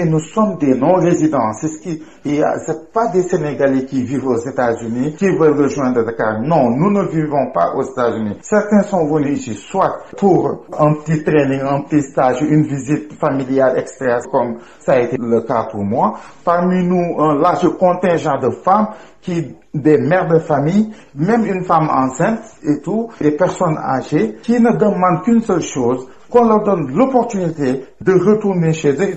nous sommes des non-résidents. C'est pas des Sénégalais qui vivent aux États-Unis États-Unis qui veulent rejoindre Dakar. Non, nous ne vivons pas aux États-Unis. Certains sont venus ici soit pour un petit training, un petit stage, une visite familiale extérieure comme ça a été le cas pour moi. Parmi nous, un large contingent de femmes qui des mères de famille, même une femme enceinte et tout, des personnes âgées qui ne demandent qu'une seule chose, qu'on leur donne l'opportunité de retourner chez eux.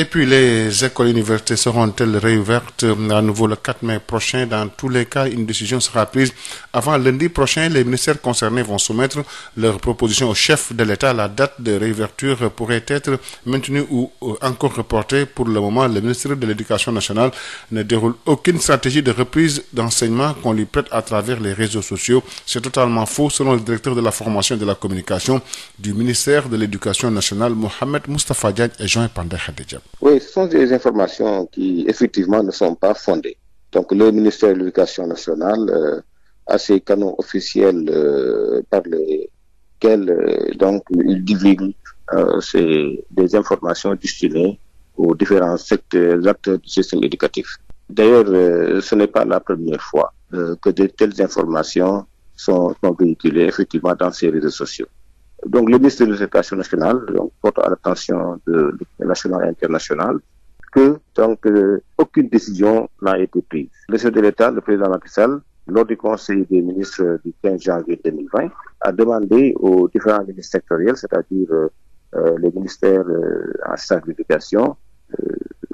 Et puis les écoles et universités seront-elles réouvertes euh, à nouveau le 4 mai prochain? Dans tous les cas, une décision sera prise avant lundi prochain. Les ministères concernés vont soumettre leurs propositions au chef de l'État. La date de réouverture pourrait être maintenue ou euh, encore reportée. Pour le moment, le ministre de l'Éducation nationale ne déroule aucune stratégie de reprise d'enseignement qu'on lui prête à travers les réseaux sociaux. C'est totalement faux, selon le directeur de la formation et de la communication nationale, Mohamed Moustapha Diagne Oui, ce sont des informations qui, effectivement, ne sont pas fondées. Donc, le ministère de l'Éducation nationale euh, a ses canaux officiels euh, par lesquels, euh, donc, il divulgue euh, des informations destinées aux différents secteurs, acteurs du système éducatif. D'ailleurs, ce n'est pas la première fois que de telles informations sont, sont véhiculées, effectivement, dans ces réseaux sociaux. Donc, le ministre de l'Éducation nationale donc, porte à l'attention de l'Éducation nationale internationale que donc, euh, aucune décision n'a été prise. Le chef de l'État, le président Macky Sall, lors du Conseil des ministres du janvier a demandé aux différents ministres sectoriels, c'est-à-dire euh, euh les ministères euh, en charge de euh,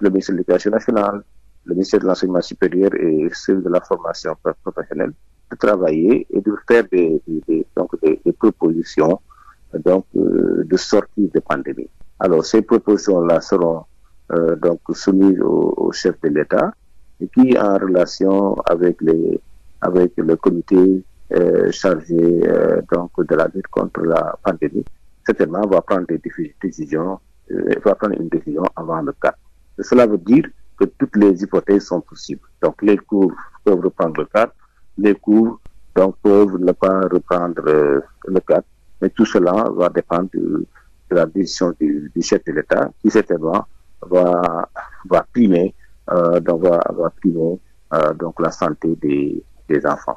le ministère de nationale, le ministère l'Enseignement supérieur et celui de la formation professionnelle, de travailler et de faire des, donc des, des propositions donc euh, de sortir de pandémie. Alors ces propositions-là seront euh, donc soumises au, au de l'État et qui en relation avec le comité euh, chargé de la lutte contre la pandémie certainement va prendre des décisions va prendre une décision avant le 4. cela veut dire que toutes les hypothèses sont possibles. Donc les cours peuvent reprendre le 4, les cours donc peuvent ne pas reprendre le 4 Mais tout cela va dépendre de, la décision du, chef de l'État qui certainement va, primer, euh, euh, donc la santé des enfants.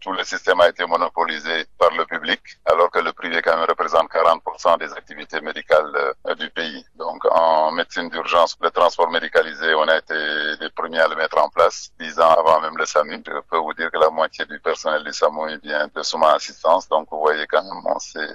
tout le système a été monopolisé par le public, alors que le privé quand même représente des activités médicales euh, du pays. en médecine d'urgence, le transport médicalisé, on a été les premiers à le mettre en place dix ans avant même le SAMU. Je peux vous dire que la moitié du personnel du SAMU vient de Souma Assistance, donc vous voyez quand même, on s'est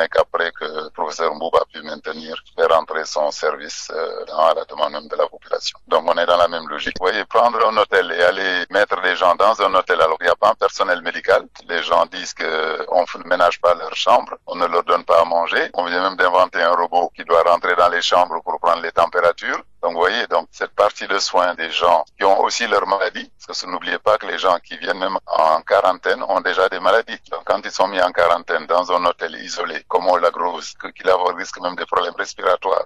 Sénélec après que professeur Mbouba a pu maintenir et rentrer son service à euh, la demande même de la population. Donc on est dans la même logique. Vous voyez, prendre un hôtel et aller mettre les gens dans un hôtel alors qu'il n'y a pas un personnel médical. Les gens disent que ne ménage pas leur chambre, on ne leur donne pas à manger. On vient même d'inventer un robot qui doit rentrer dans les chambres pour prendre les températures. Donc vous voyez, donc cette partie de soins des gens qui ont aussi leur maladie, parce que n'oubliez pas que les gens qui viennent même en quarantaine ont déjà des maladies. Donc quand ils sont mis en quarantaine dans un hôtel isolé, comme on la grosse, qu'ils risque même des problèmes respiratoires,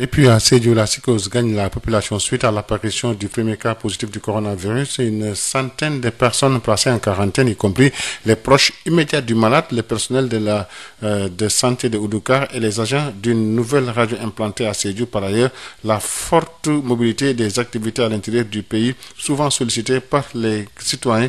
Et puis à Sédio, la psychose gagne la population suite à l'apparition du premier cas positif du coronavirus. Une centaine de personnes placées en quarantaine, y compris les proches immédiats du malade, le personnel de la euh, de santé de Oudoukar et les agents d'une nouvelle radio implantée à Sédio. Par ailleurs, la forte mobilité des activités à l'intérieur du pays, souvent sollicitée par les citoyens,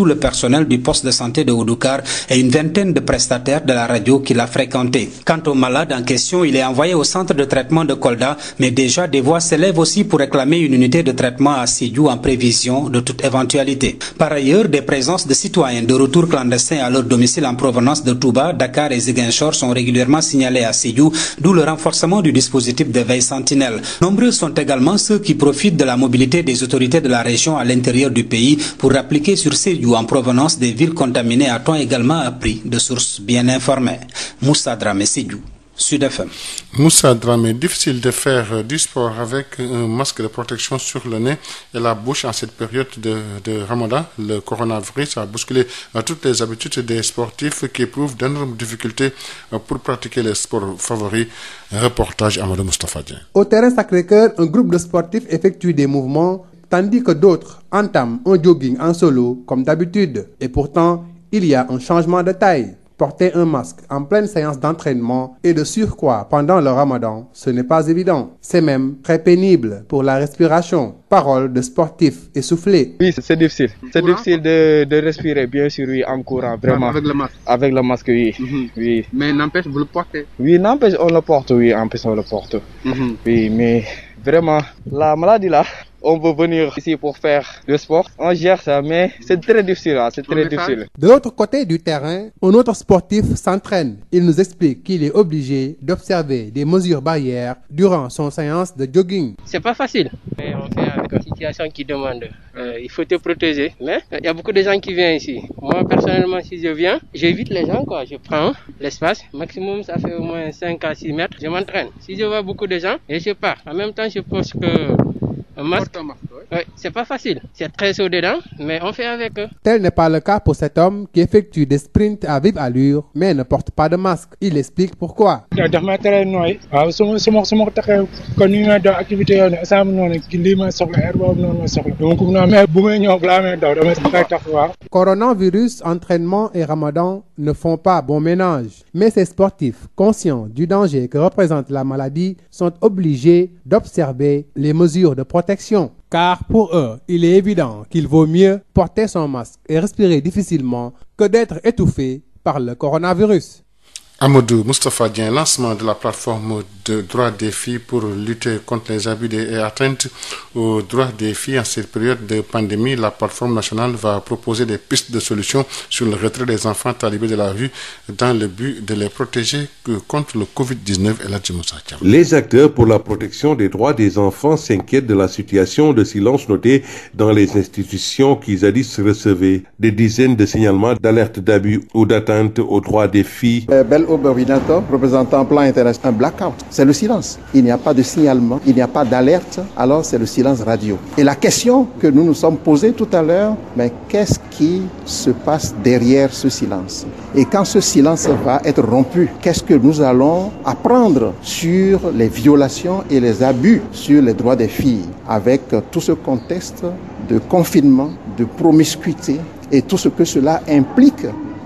tout le personnel du poste de santé de Oudoukar et une vingtaine de prestataires de la radio qui l'a fréquenté. Quant au malade en question, il est envoyé au centre de traitement de Kolda, mais déjà des voix s'élèvent aussi pour réclamer une unité de traitement à Sidiou en prévision de toute éventualité. Par ailleurs, des présences de citoyens de retour clandestin à leur domicile en provenance de Touba, Dakar et Ziguinchor sont régulièrement signalés ou en provenance des villes contaminées a-t-on également appris de sources bien informées. Moussa Dramé Sédhiou. Sud FM. Moussa Dramé, difficile de faire du sport avec un masque de protection sur le nez et la bouche en cette période de de Ramadan. Le coronavirus a bousculé euh, toutes les habitudes des sportifs qui éprouvent d'énormes difficultés euh, pour pratiquer les sports favoris. Reportage Amadou Moustapha Dieng. tandis que d'autres entament un jogging en solo comme d'habitude. Et pourtant, il y a un changement de taille. Porter un masque en pleine séance d'entraînement et de surcroît pendant le ramadan, ce n'est pas évident. C'est même très pénible pour la respiration. Parole de sportif essoufflé. Oui, c'est difficile. C'est difficile de, de, respirer, bien sûr, oui, en courant, vraiment. Avec le masque. Avec le masque, mhm. oui. Mais n'empêche, vous le portez. Oui, n'empêche, on le porte, oui, n'empêche, on le porte. Mhm. Oui, mais vraiment, la maladie on veut venir ici pour mais c'est très difficile, hein, c'est très difficile. De l'autre côté du terrain, un autre sportif s'entraîne. Il nous explique qu'il est obligé d'observer des mesures barrières durant son séance de jogging. C'est pas facile. Mais on fait avec une situation qui demande. Euh, il faut te protéger. Mais euh, il y a beaucoup de gens qui viennent ici. Moi, personnellement, si je viens, j'évite les gens, quoi. Je prends l'espace. Maximum, ça à 6 mètres. Je m'entraîne. Si je vois beaucoup de gens, et masque. Oui, c'est pas facile. C'est très chaud dedans, mais on fait avec. Eux. Tel n'est pas le cas pour cet homme qui effectue des sprints à vive allure, mais ne porte pas de masque. Il explique pourquoi. daf ma tere nooy. waaw su ma su ma su ma taxee kon ni may doon activité yoon saa mu noonu lii may soxla air boobu noonu may soxla. donc bu may ñëw balaa may daw damay damay tax waaw. coronavirus entraînement et ramadan ne font pas bon ménage mais ces sportifs conscients du danger que représente la maladie sont obligés d'observer les mesures de protection protection, car pour eux, il est évident qu'il vaut mieux porter son masque et respirer difficilement que d'être étouffé par le coronavirus. Amadou Moustapha Dieng lancement de la plateforme de droits des filles pour lutter contre les abus et atteintes aux droits des filles en cette période de pandémie la plateforme nationale va proposer des pistes de solutions sur le retrait des de la rue dans le but de les protéger contre le Covid-19 et pour la protection des droits des enfants s'inquiètent de la situation de silence notée dans les institutions qui jadis recevaient des dizaines Oberdinator, représentant Plan International, un blackout. C'est le silence. Il n'y a pas de signalement, il n'y a pas d'alerte, alors c'est le silence radio. Et la question que nous nous sommes posée tout à l'heure, mais qu'est-ce qui se passe derrière ce silence Et quand ce silence va être rompu, qu'est-ce que nous allons apprendre sur les violations et les abus sur les droits des filles avec tout ce contexte de confinement, de promiscuité et tout ce que cela implique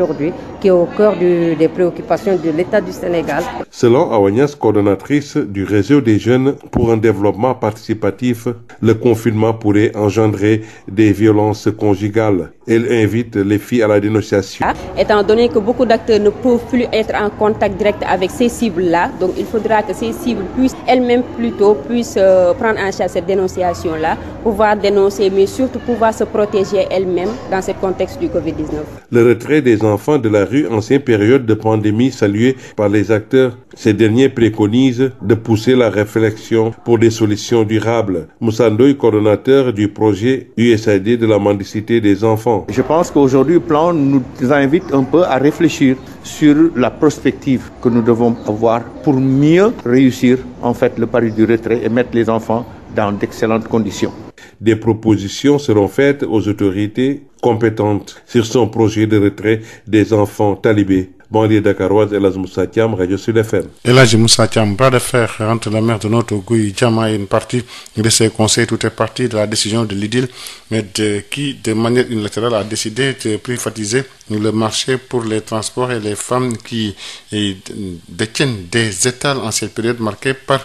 aujourd'hui qui est au cœur du, des préoccupations de l'État du Sénégal. Selon Awanias, coordonnatrice du réseau des jeunes pour un développement participatif, le confinement pourrait engendrer des violences conjugales. Elle invite les filles à la dénonciation. Ah, étant donné que beaucoup d'acteurs ne peuvent plus être en contact direct avec ces cibles donc il faudra que ces cibles puissent elles-mêmes plutôt puissent euh, prendre en charge cette dénonciation-là, pouvoir dénoncer, mais surtout pouvoir se protéger elles-mêmes dans ce contexte du covid Le retrait des enfants de la rue en ces de pandémie saluée par les acteurs, ces derniers préconisent de pousser la pour des solutions durables. Moussandoy, coordonnateur du projet USAID de non. Je pense qu'aujourd'hui, plan nous invite un peu à réfléchir sur la prospective que nous devons avoir pour mieux réussir en fait le pari du retrait et mettre les enfants dans d'excellentes conditions. Des propositions seront faites aux autorités compétentes sur son projet de retrait des enfants talibés banlieue dakaroise El Hadj Moussa Thiam rajo Sud FM. El Hadj Moussa Thiam bras de fer entre la maire de Notto Gouye Diama une partie de ses conseils tout est parti de la décision de l'IDIL mais de qui de manière unilatérale a décidé de privatiser le marché pour les transports et les femmes qui détiennent des étals en cette période marquée par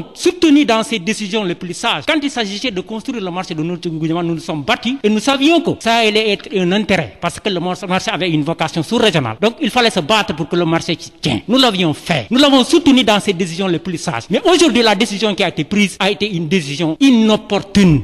avons soutenu dans ces décisions les plus sages. Quand il s'agissait de construire le marché de notre gouvernement, nous nous sommes battus et nous savions que ça allait être un intérêt parce que le marché avait une vocation sous-régionale. Donc il fallait se battre pour que le marché tienne. Nous l'avions fait. Nous l'avons soutenu dans ces décisions les plus sages. Mais aujourd'hui, la décision qui a été prise a été une décision inopportune.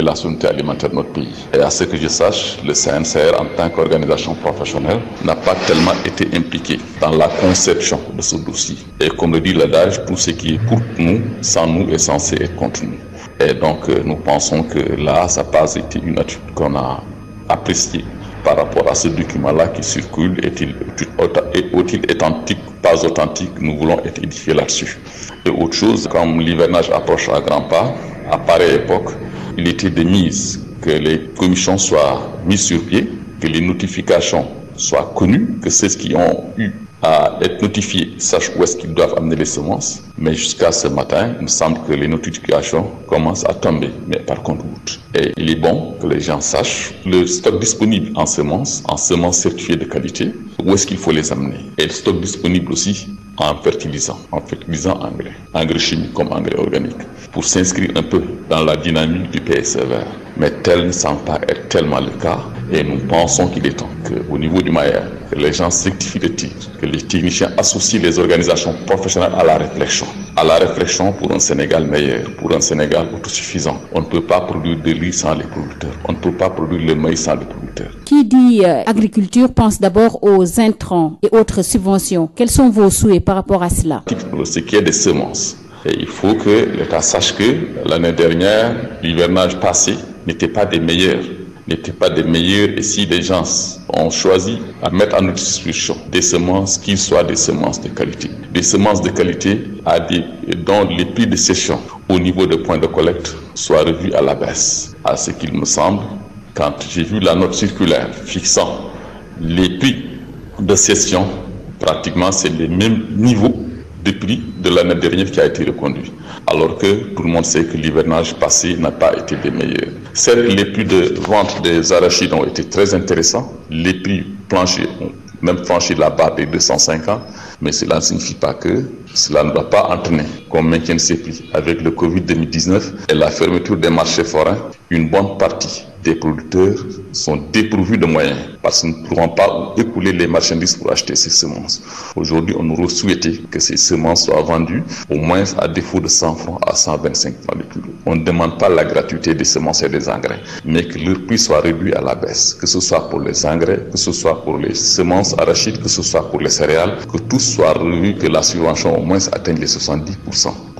et la souveraineté alimentaire de notre pays. Et à ce que je sache, le CNCR, en tant qu'organisation professionnelle, n'a pas tellement été impliqué dans la conception de ce dossier. Et comme le dit l'adage, tout ce qui est pour nous, sans nous, est censé être contre nous. Et donc, euh, nous pensons que là, ça n'a pas été une attitude qu'on a appréciée par rapport à ce document-là qui circule, est-il est authentique, pas authentique, nous voulons être édifiés là-dessus. Et autre chose, comme l'hivernage approche à grands pas, à pareille époque, Il était de mise que les commissions soient mises sur pied, que les notifications soient connues, que ceux qui ont eu à être notifiés sachent où est-ce qu'ils doivent amener les semences. Mais jusqu'à ce matin, il me semble que les notifications commencent à tomber, mais par contre, et il est bon que les gens sachent le stock disponible en semences, en semences certifiées de qualité, où est-ce qu'il faut les amener. Et le stock disponible aussi en fertilisant, en fertilisant engrais, engrais chimique comme engrais organique, pour s'inscrire un peu dans la dynamique du PSE vert. Mais tel ne semble pas être tellement le cas et nous pensons qu'il est temps que les techniciens associent les organisations professionnelles à la réflexion. pour un Sénégal meilleur, pour un Sénégal autosuffisant. On ne peut pas produire de riz sans les producteurs. On ne peut pas produire le maïs sans les producteurs. Qui dit euh, agriculture pense d'abord aux intrants et autres subventions. Quels sont vos souhaits par rapport à cela? ce qui est des semences, il faut que l'État sache que l'année dernière, l'hivernage passé n'était pas des meilleurs n'étaient pas des meilleurs et si des gens ont choisi à mettre à notre disposition des semences qu'ils soient des semences de qualité des semences de qualité à des dont les prix de cession au niveau des points de collecte soient revus à la baisse à ce qu'il me semble quand j'ai vu la note circulaire fixant les prix de cession, pratiquement c'est le même niveau de prix de l'année dernière qui a été reconduit. Alors que que n'a pas été des des arachides ont été très intéressants. Les la barre des 250, mais cela ne signifie pas que cela ne va pas entraîner qu'on maintienne et la fermeture des marchés forains, une des producteurs sont dépourvus de moyens parce qu'ils ne pourront pas écouler les marchandises pour acheter ces semences. Aujourd'hui, on moins à défaut de 100 à 125 francs le kilo. On ne demande pas la gratuité des engrais, mais que leur prix soit réduit que ce soit pour les engrais, que ce soit pour les semences arachides, que tout soit revu, que la subvention au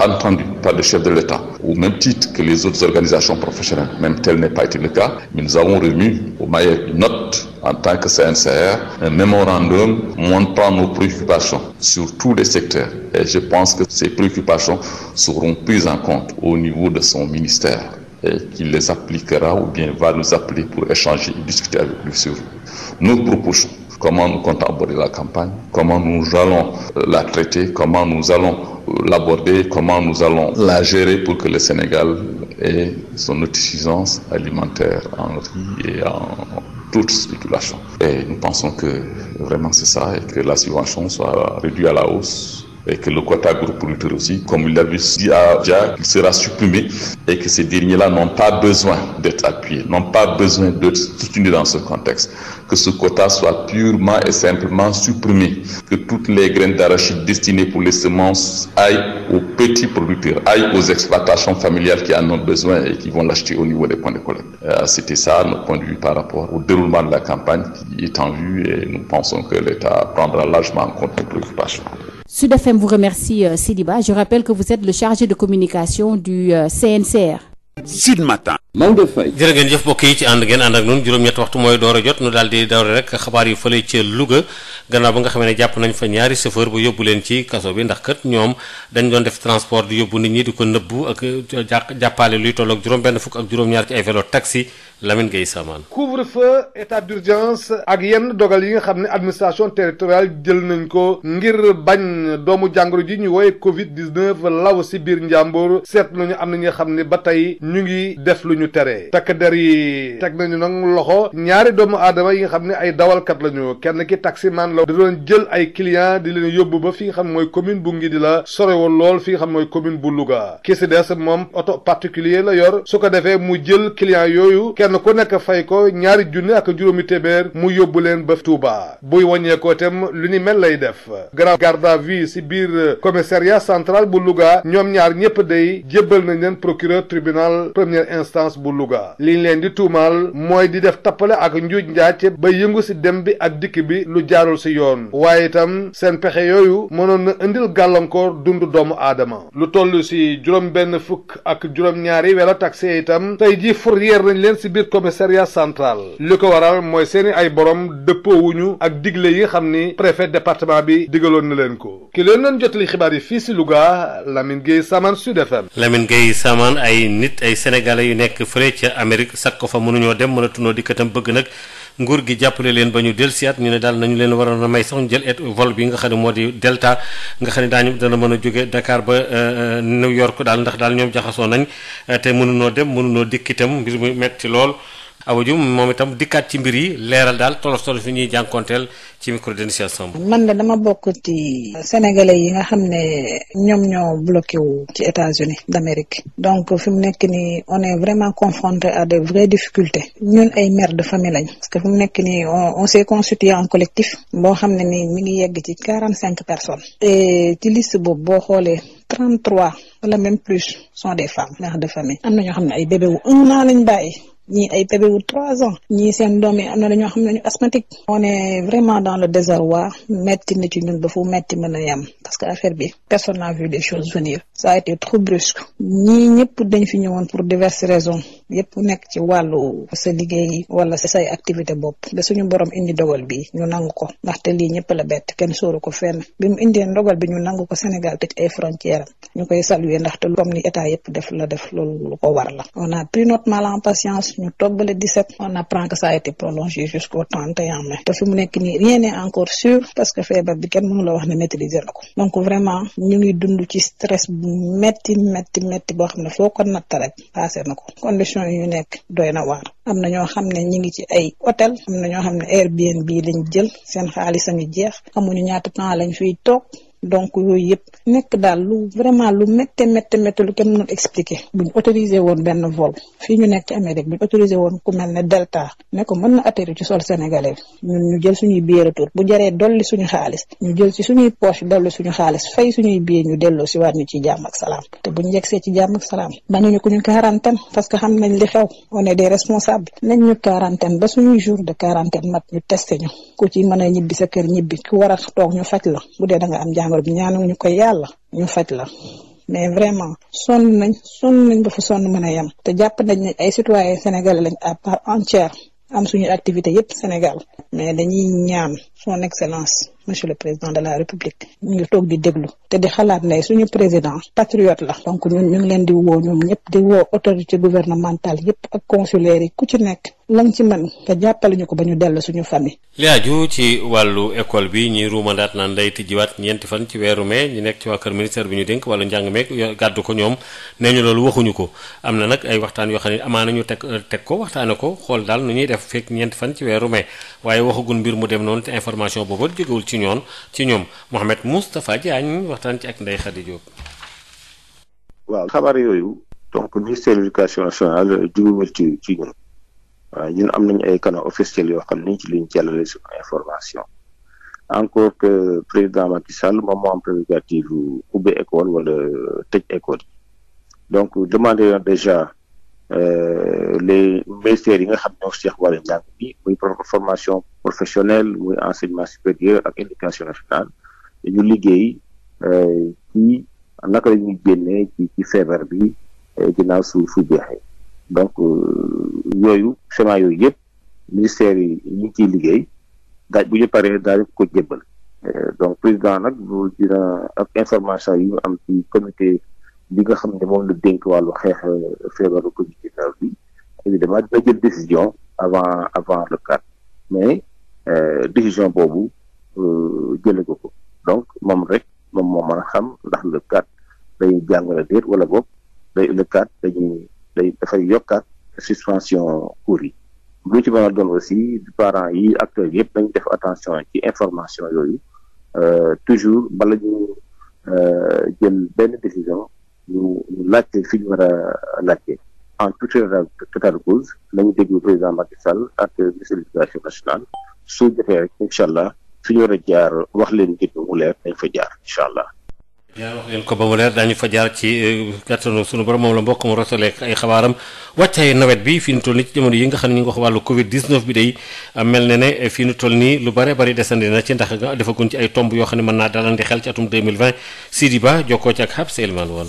entendu par le chef de l'État, au même titre que les autres organisations professionnelles, même tel n'est pas été le cas, mais nous avons remis au maillet une note en tant que CNCR, un mémorandum montrant nos préoccupations sur tous les secteurs. Et je pense que ces préoccupations seront prises en compte au niveau de son ministère et qu'il les appliquera ou bien va nous appeler pour échanger et discuter avec lui sur nous proposons comment nous comptons aborder la campagne, comment nous allons euh, la traiter, comment nous allons euh, l'aborder, comment nous allons la gérer pour que le Sénégal ait son autosuffisance alimentaire en riz mhm. et en toute spéculation. Et nous pensons que vraiment c'est ça et que la subvention soit réduite à la hausse et que le quota agro-producteur aussi, comme il l'avait dit à déjà, il sera supprimé et que ces derniers-là n'ont pas besoin d'être appuyés, n'ont pas besoin d'être soutenus dans ce contexte. Que ce quota soit purement et simplement supprimé, que toutes les graines d'arachide destinées pour les semences aillent aux petits producteurs, aillent aux exploitations familiales qui en ont besoin et qui vont l'acheter au niveau des points de collecte. Euh, C'était ça notre point de vue par rapport au déroulement de la campagne qui est en vue et nous pensons que l'État prendra largement en compte nos préoccupations. Sud FM vous remercie euh, Sidiba. Je rappelle que vous êtes le chargé de communication du euh, CNCR. Maodo Faye jërë ngeen jëf mbokk yi ci ànd ngeen ànd ak ñun juróom-ñett waxtu mooy door jot nu daal di dawre rek xabaar yu fële ca Louga gannaaw ba nga xamee ne jàpp nañ fa ñaari chauffeur bu yóbbu leen ci kaso bi ndax kat ñoom dañ doon def transport di yóbbu nit ñi di ko nëbbu ak jàppaale luy tollook juróom-benn fukk ak juróom-ñaar ci ay vélo taxi Lamine Gueye Samane couvre-feu état d'urgence ak yenn dogal yi nga xam ne administration territoriale jël nañ ko ngir bañ doomu jàngoro ji ñu wooye covid 19 law si biir njàmbur seet nañu am na nga xam ne ba tey ñu ngi def luñu ñu teree takk der yi teg nañu nag loxo ñaari doomu aadama yi nga xam ne ay dawalkat lañu kenn ki taximan la da doon jël ay client di leen yóbbu ba fi nga xam mooy commune bu ngi di la sorewul lool fi nga xam mooy commune bu Louga ki si des moom oto particulier la yor su ko defee mu jël client yooyu kenn ku nekk fay ko ñaari junni ak juróomi téeméer mu yóbbu leen ba Touba buy wàññeekoo itam lu ni mel lay def grand garde à vue si biir commissariat central bu Louga ñoom ñaar ñëpp day jébbal nañ leen procureur tribunal Casamance Louga liñ leen di tuumaal mooy di def tappale ak njuuj njaace ba yëngu ci dem bi ak dikk bi lu jaarul ci yoon waaye itam seen pexe yooyu mënoon na indil gàllankoor dundu doomu aadama lu toll ci juróom benn fukk ak juróom-ñaari welo taxi itam tey jii fourrière nañ leen ci biir commissariat central li ko waral mooy seeni ay borom dëppoowuñu ak digle yi xam ni préfet département bi digaloon na leen ko ki leen leen jotali xibaar yi fii ci Louga Lamine Gueye Samane Sud FM Lamine Gueye ay nit ay sénégalais yu nekk nekk fële ca Amérique sakk ko fa mënuñoo dem mënatunoo dikkatam bëgg nag nguur gi jàppale leen ba ñu dellusiwaat ñu ne daal nañu leen waroon a may sax ñu jël et vol bi nga xam ne moo di Delta nga xam ne daañu dana mën a jóge Dakar ba euh, New York daal ndax daal ñoom jaxasoo nañ te mënunoo dem dikk itam mbir mu metti lool Abadou moom itam dikkaat ci mbir yi leeral daal tolof tolof yi ñuy jànkonteel ci micro Denis Samb. man de dama bokk ci sénégalais yi nga xam ne ñoom ñoo bloqué wu ci États-Unis d'Amérique donc fi mu nekk ni on est vraiment confronté à de vraies difficultés ñun ay mère de famille lañ parce que fi mu nekk nii on on s'est constitué en collectif boo xam ne ni mi ngi yegg ci quarante cinq personnes. et ci liste boobu boo xoolee. 33 wala même plus sont des femmes mères de famille am na ñoo xam ne ay bébé wu un bàyyi ñii ay bébé wu trois ans ñii seen doom yi am na dañoo xam ne ñu asthmatique on est vraiment dans le désarroi metti na ci ñun ba fu metti mën a yem parce que affaire bi personne n'a vu des choses venir ça été trop brusque ñii ñëpp dañ fi ñëwoon pour diverses raisons yëpp nekk ci wàllu sa liggéey wala sa say activité bopp ba suñu borom indi dogal bi ñu nangu ko ndaxte lii ñëpp la bett kenn sóoru ko fen bi mu indee dogal bi ñu nangu ko Sénégal tëj ay frontière am ñu koy saluer ndaxte comme ni état yëpp def la def loolu lu ko war la on a pris notre mal patience ñu toog ba le 17 on apprend que ça a été prolongé jusqu'au 31 mai te fi mu nekk nii rien n'est encore sûr parce que feebar bi kenn mënu la wax ne maîtriser na ko donc vraiment ñu ngi dund ci stress bu metti metti metti boo xam ne foo ko natt rek na ko condition yu nekk doy na waar am na ñoo xam ne ñi ngi ci ay hôtel am na ñoo xam ne Airbnb lañ jël seen xaalis a ngi jeex amuñu ñaata temps lañ fi toog donc yooyu yëpp nekk daal lu vraiment lu métte métte métte lu ke mënul expliqué buñ autorisé woon benn vol fii ñu nekk ci Amérique buñ autorisé woon ku mel ne Delta ne ko mën na atterrir ci sol sénégalais ñun ñu jël suñu billet retour bu jaree dolli suñu xaalis ñu jël ci suñuy poche dolli suñu xaalis fay suñuy billet ñu delloo si waat ñu ci jàmm ak salaam te buñ yegsee ci jàmm ak salaam bañuñu ku ñu quarantaine parce que xam nañ li xew on est des responsables nañ ñu quarantaine ba suñuy jour de quarantaine mat ñu testé ñu ku ci mën a ñibbi sa kër ñibbi war toog ñu faj la bu dee da nga am jàng feebar ñu ñaanuñu ko yàlla ñu faj la mais vraiment son nañ son nañ ba fa sonn mën a te jàpp nañ ne ay citoyens sénégalais lañ a part entière am suñu activité yépp Sénégal mais dañuy ñaan son excellence monsieur le président de la république ñu ngi toog di déglu te di xalaat ne suñu président patriote la donc ñun ñu ngi leen di woo ñoom ñëpp di woo autorité gouvernementale yëpp ak consulaire yi ku ci nekk lan ci man nga jàppale ñu ko ba ñu dellu suñu famille li aju ci wàllu école bi ñi ruumandaat naan day tijjiwaat ñeenti fan ci weeru mai ñu nekk ci waa kër ministère bi ñu dénk wàllu njàng meeg gàddu ko ñoom nee ñu loolu waxuñu ko am na nag ay waxtaan yoo xam ne amaana ñu teg teg ko waxtaane ko xool daal nu ñuy def fekk ñeenti fan ci weeru mai waaye waxagul mbir mu dem noonu te information boobu jógewul ci ñoon ci ñoom Mouhamed Moustapha Diagne waxtaan ci ak Ndeye Khady Diop. waaw xabaar yooyu donc ministère de l'éducation nationale jugumul ci ci ñun waaw ñun am nañu ay kana officiels yoo xam ni ci liñ jàllale suñu information encore que président Macky Sall moom moo am prérogative ubbi école wala tëj école donc demandé déjà Euh, les ministères yi nga xam ñoo seex wàllu njàng muy formation professionnelle muy enseignement supérieur ak éducation nationale ñu liggéey euh, ci naka la ñuy génnee ci feebar bi euh, ginnaaw su su jeexee donc yooyu schéma yooyu yëpp ministères yi ñu ngi ciy liggéey daaj bu ñu paree daal ko jébbal donc président nag bu dina ak information yi ñu am ci comité li nga xam ne moom la dénk wàllu xeex euh, feebaru Covid 19 bi évidemment dina jël décision avant avant le quatre mais euh, décision boobu euh, jëlee ko ko donc moom rek moom moo mën a xam ndax le quatre day jàngale déet wala boog day le quatre dañuy day dafay yokkaat suspension cours yi. lu ci mën a doon aussi parents yi acteurs yëpp dañu def attention ci information yooyu toujours bala ñu jël benn décision ñu ñu laajte fi ñu war a laajte en tout état de cause nañu déglu président Macky Sall ak ministre de l'éducation nationale su jotee rek incha allah fi ñu war a jaar wax leen ngir ba yi nga xam ne ñu ngi wax wàllu Covid 19 mel ne ne fi ñu toll nii lu bare bari desandi na ci ndax nga defagun ci ay tomb yoo xam ne mën naa dalandi xel ci atum 2020 Sidi Ba jokkoo ci ak Habs Elman woon.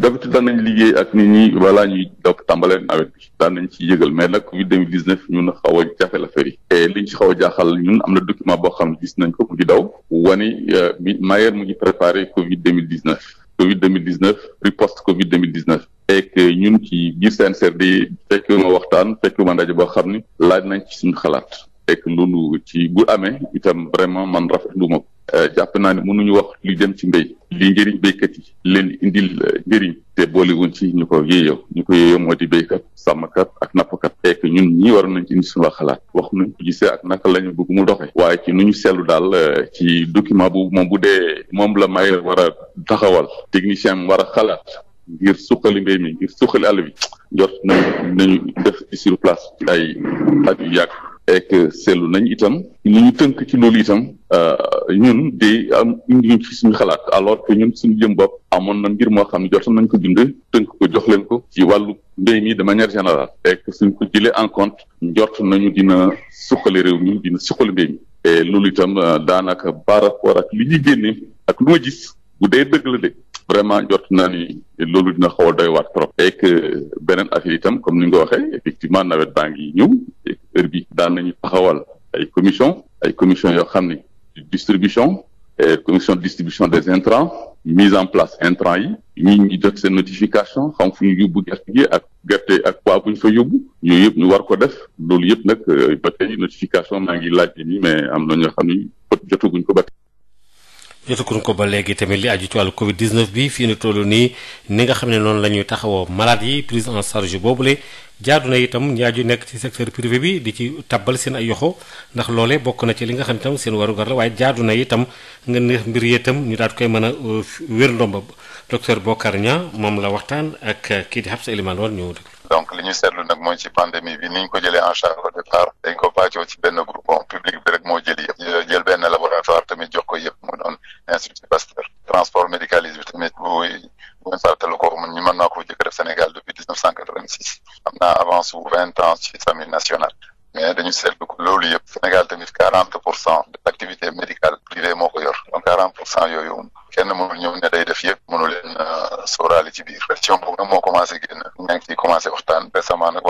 d'habitude daan nañ liggéey ak nit ñi balaa ñuy tàmbale nawet bi daan nañ ci yëgal mais nag covid deux mille dix neuf ñun xaw a jafel a yi et liñ ci xaw a jaaxal ñun am na document boo xam gis nañ ko mu ngi daw wani euh, Mayer mu ngi préparé covid deux mille dix neuf covid deux mille dix neuf riposte covid deux mille dix neuf et ñun ci biir CNCR di fekkuma waxtaan ma ndaje boo xam ni laaj nañ ci suñu xalaat et que loolu ci bu amee itam vraiment man rafetlu ma euh, jàpp naa ne mënuñu wax li jëm ci mbéy li njëriñ béykat yi leen indil euh, njëriñ te boolewuñ ci ñu ko yéeyoo ñu ko yéeyoo moo di béykat sàmmkat ak nappkat et que ñun ñi waroon nañ ci indi suñu xalaat wax nuñ ko gisee ak naka la ñu bëgg mu doxee waaye ci nu ñu seetlu daal euh, ci document bu moom bu dee moom la may war a taxawal technicien mi war a xalaat ngir suqali mbéy ngir suqali àll bi njort nañu nañu def ci sur place ay at yu et que nañ itam ni tënk ci loolu itam euh, ñun di am indi ñu ci suñu xalaat alors que ñun suñu jëm bopp amoon na mbir moo xam ne jotoon nañ ko bind tënk ko jox leen ko ci wàllu mbéy de manière générale et suñ ko jëlee en compte njort nañu dina suqali réew mi dina suqali mbéy mi et loolu itam euh, daanaka par rapport ak li ñuy génne ak lu ma gis bu dee dëgg la de vraiment jot naa ni loolu dina xaw a doy waat trop. et que beneen affaire itam comme ni nga ko waxee effectivement nawet baa ngi ñëw heure bi daan nañu taxawal ay commission ay commission yoo xam ne distribution commission de distribution des intrants mise en place intrant yi ñi ñi jot seen notification xam fu ñu gerte gi ak gerte ak poids bu ñu fa yóbbu yooyu yëpp ñu war ko def loolu yëpp nag euh, ba tey notification maa ngi laaj ni mais am na ñoo xam ni jotaguñ ko ba jotaguñ ko ba léegi tamit li aju ci wàllu Covid 19 bi fii ni toll nii ni nga xam ne noonu la ñuy taxawoo malade yi prise en charge boobule jaadu na itam ñi aju nekk ci secteur privé bi di ci tabbal seen ay ndax loole bokk na ci li nga xam itam seen warugar la waaye jaadu na itam nga ne mbir yi itam ñu daal di koy mën a euh, wér ndomba docteur Bokar Niang moom la waxtaan ak kii di Habsa Elimane woon ñëw. donc li ñu seetlu nag mooy ci pandémie bi ni ñu ko jëlee en charge au départ dañ ko pàccoo ci benn groupement public bi rek moo jël yëpp jël benn laboratoire tamit jox ko yëpp mu doon institut Pasteur transport médicalisé bi tamit bu bu fàttalu ko ñu mën naa ko jëkk def Sénégal depuis dix neuf cent quatre vingt six am na avance su vingt ans ci SAMU national mais dañu seetlu ko loolu yëpp Sénégal tamit quarante pour cent de l' activité médicale privée moo ko yor donc quarante pour cent yooyu kenn mënul ñëw ne def yëpp mënu leen euh, sóoraale ci biir question boobu nag moo commencé génn ñaa ngi ciy commencé waxtaan récemment nag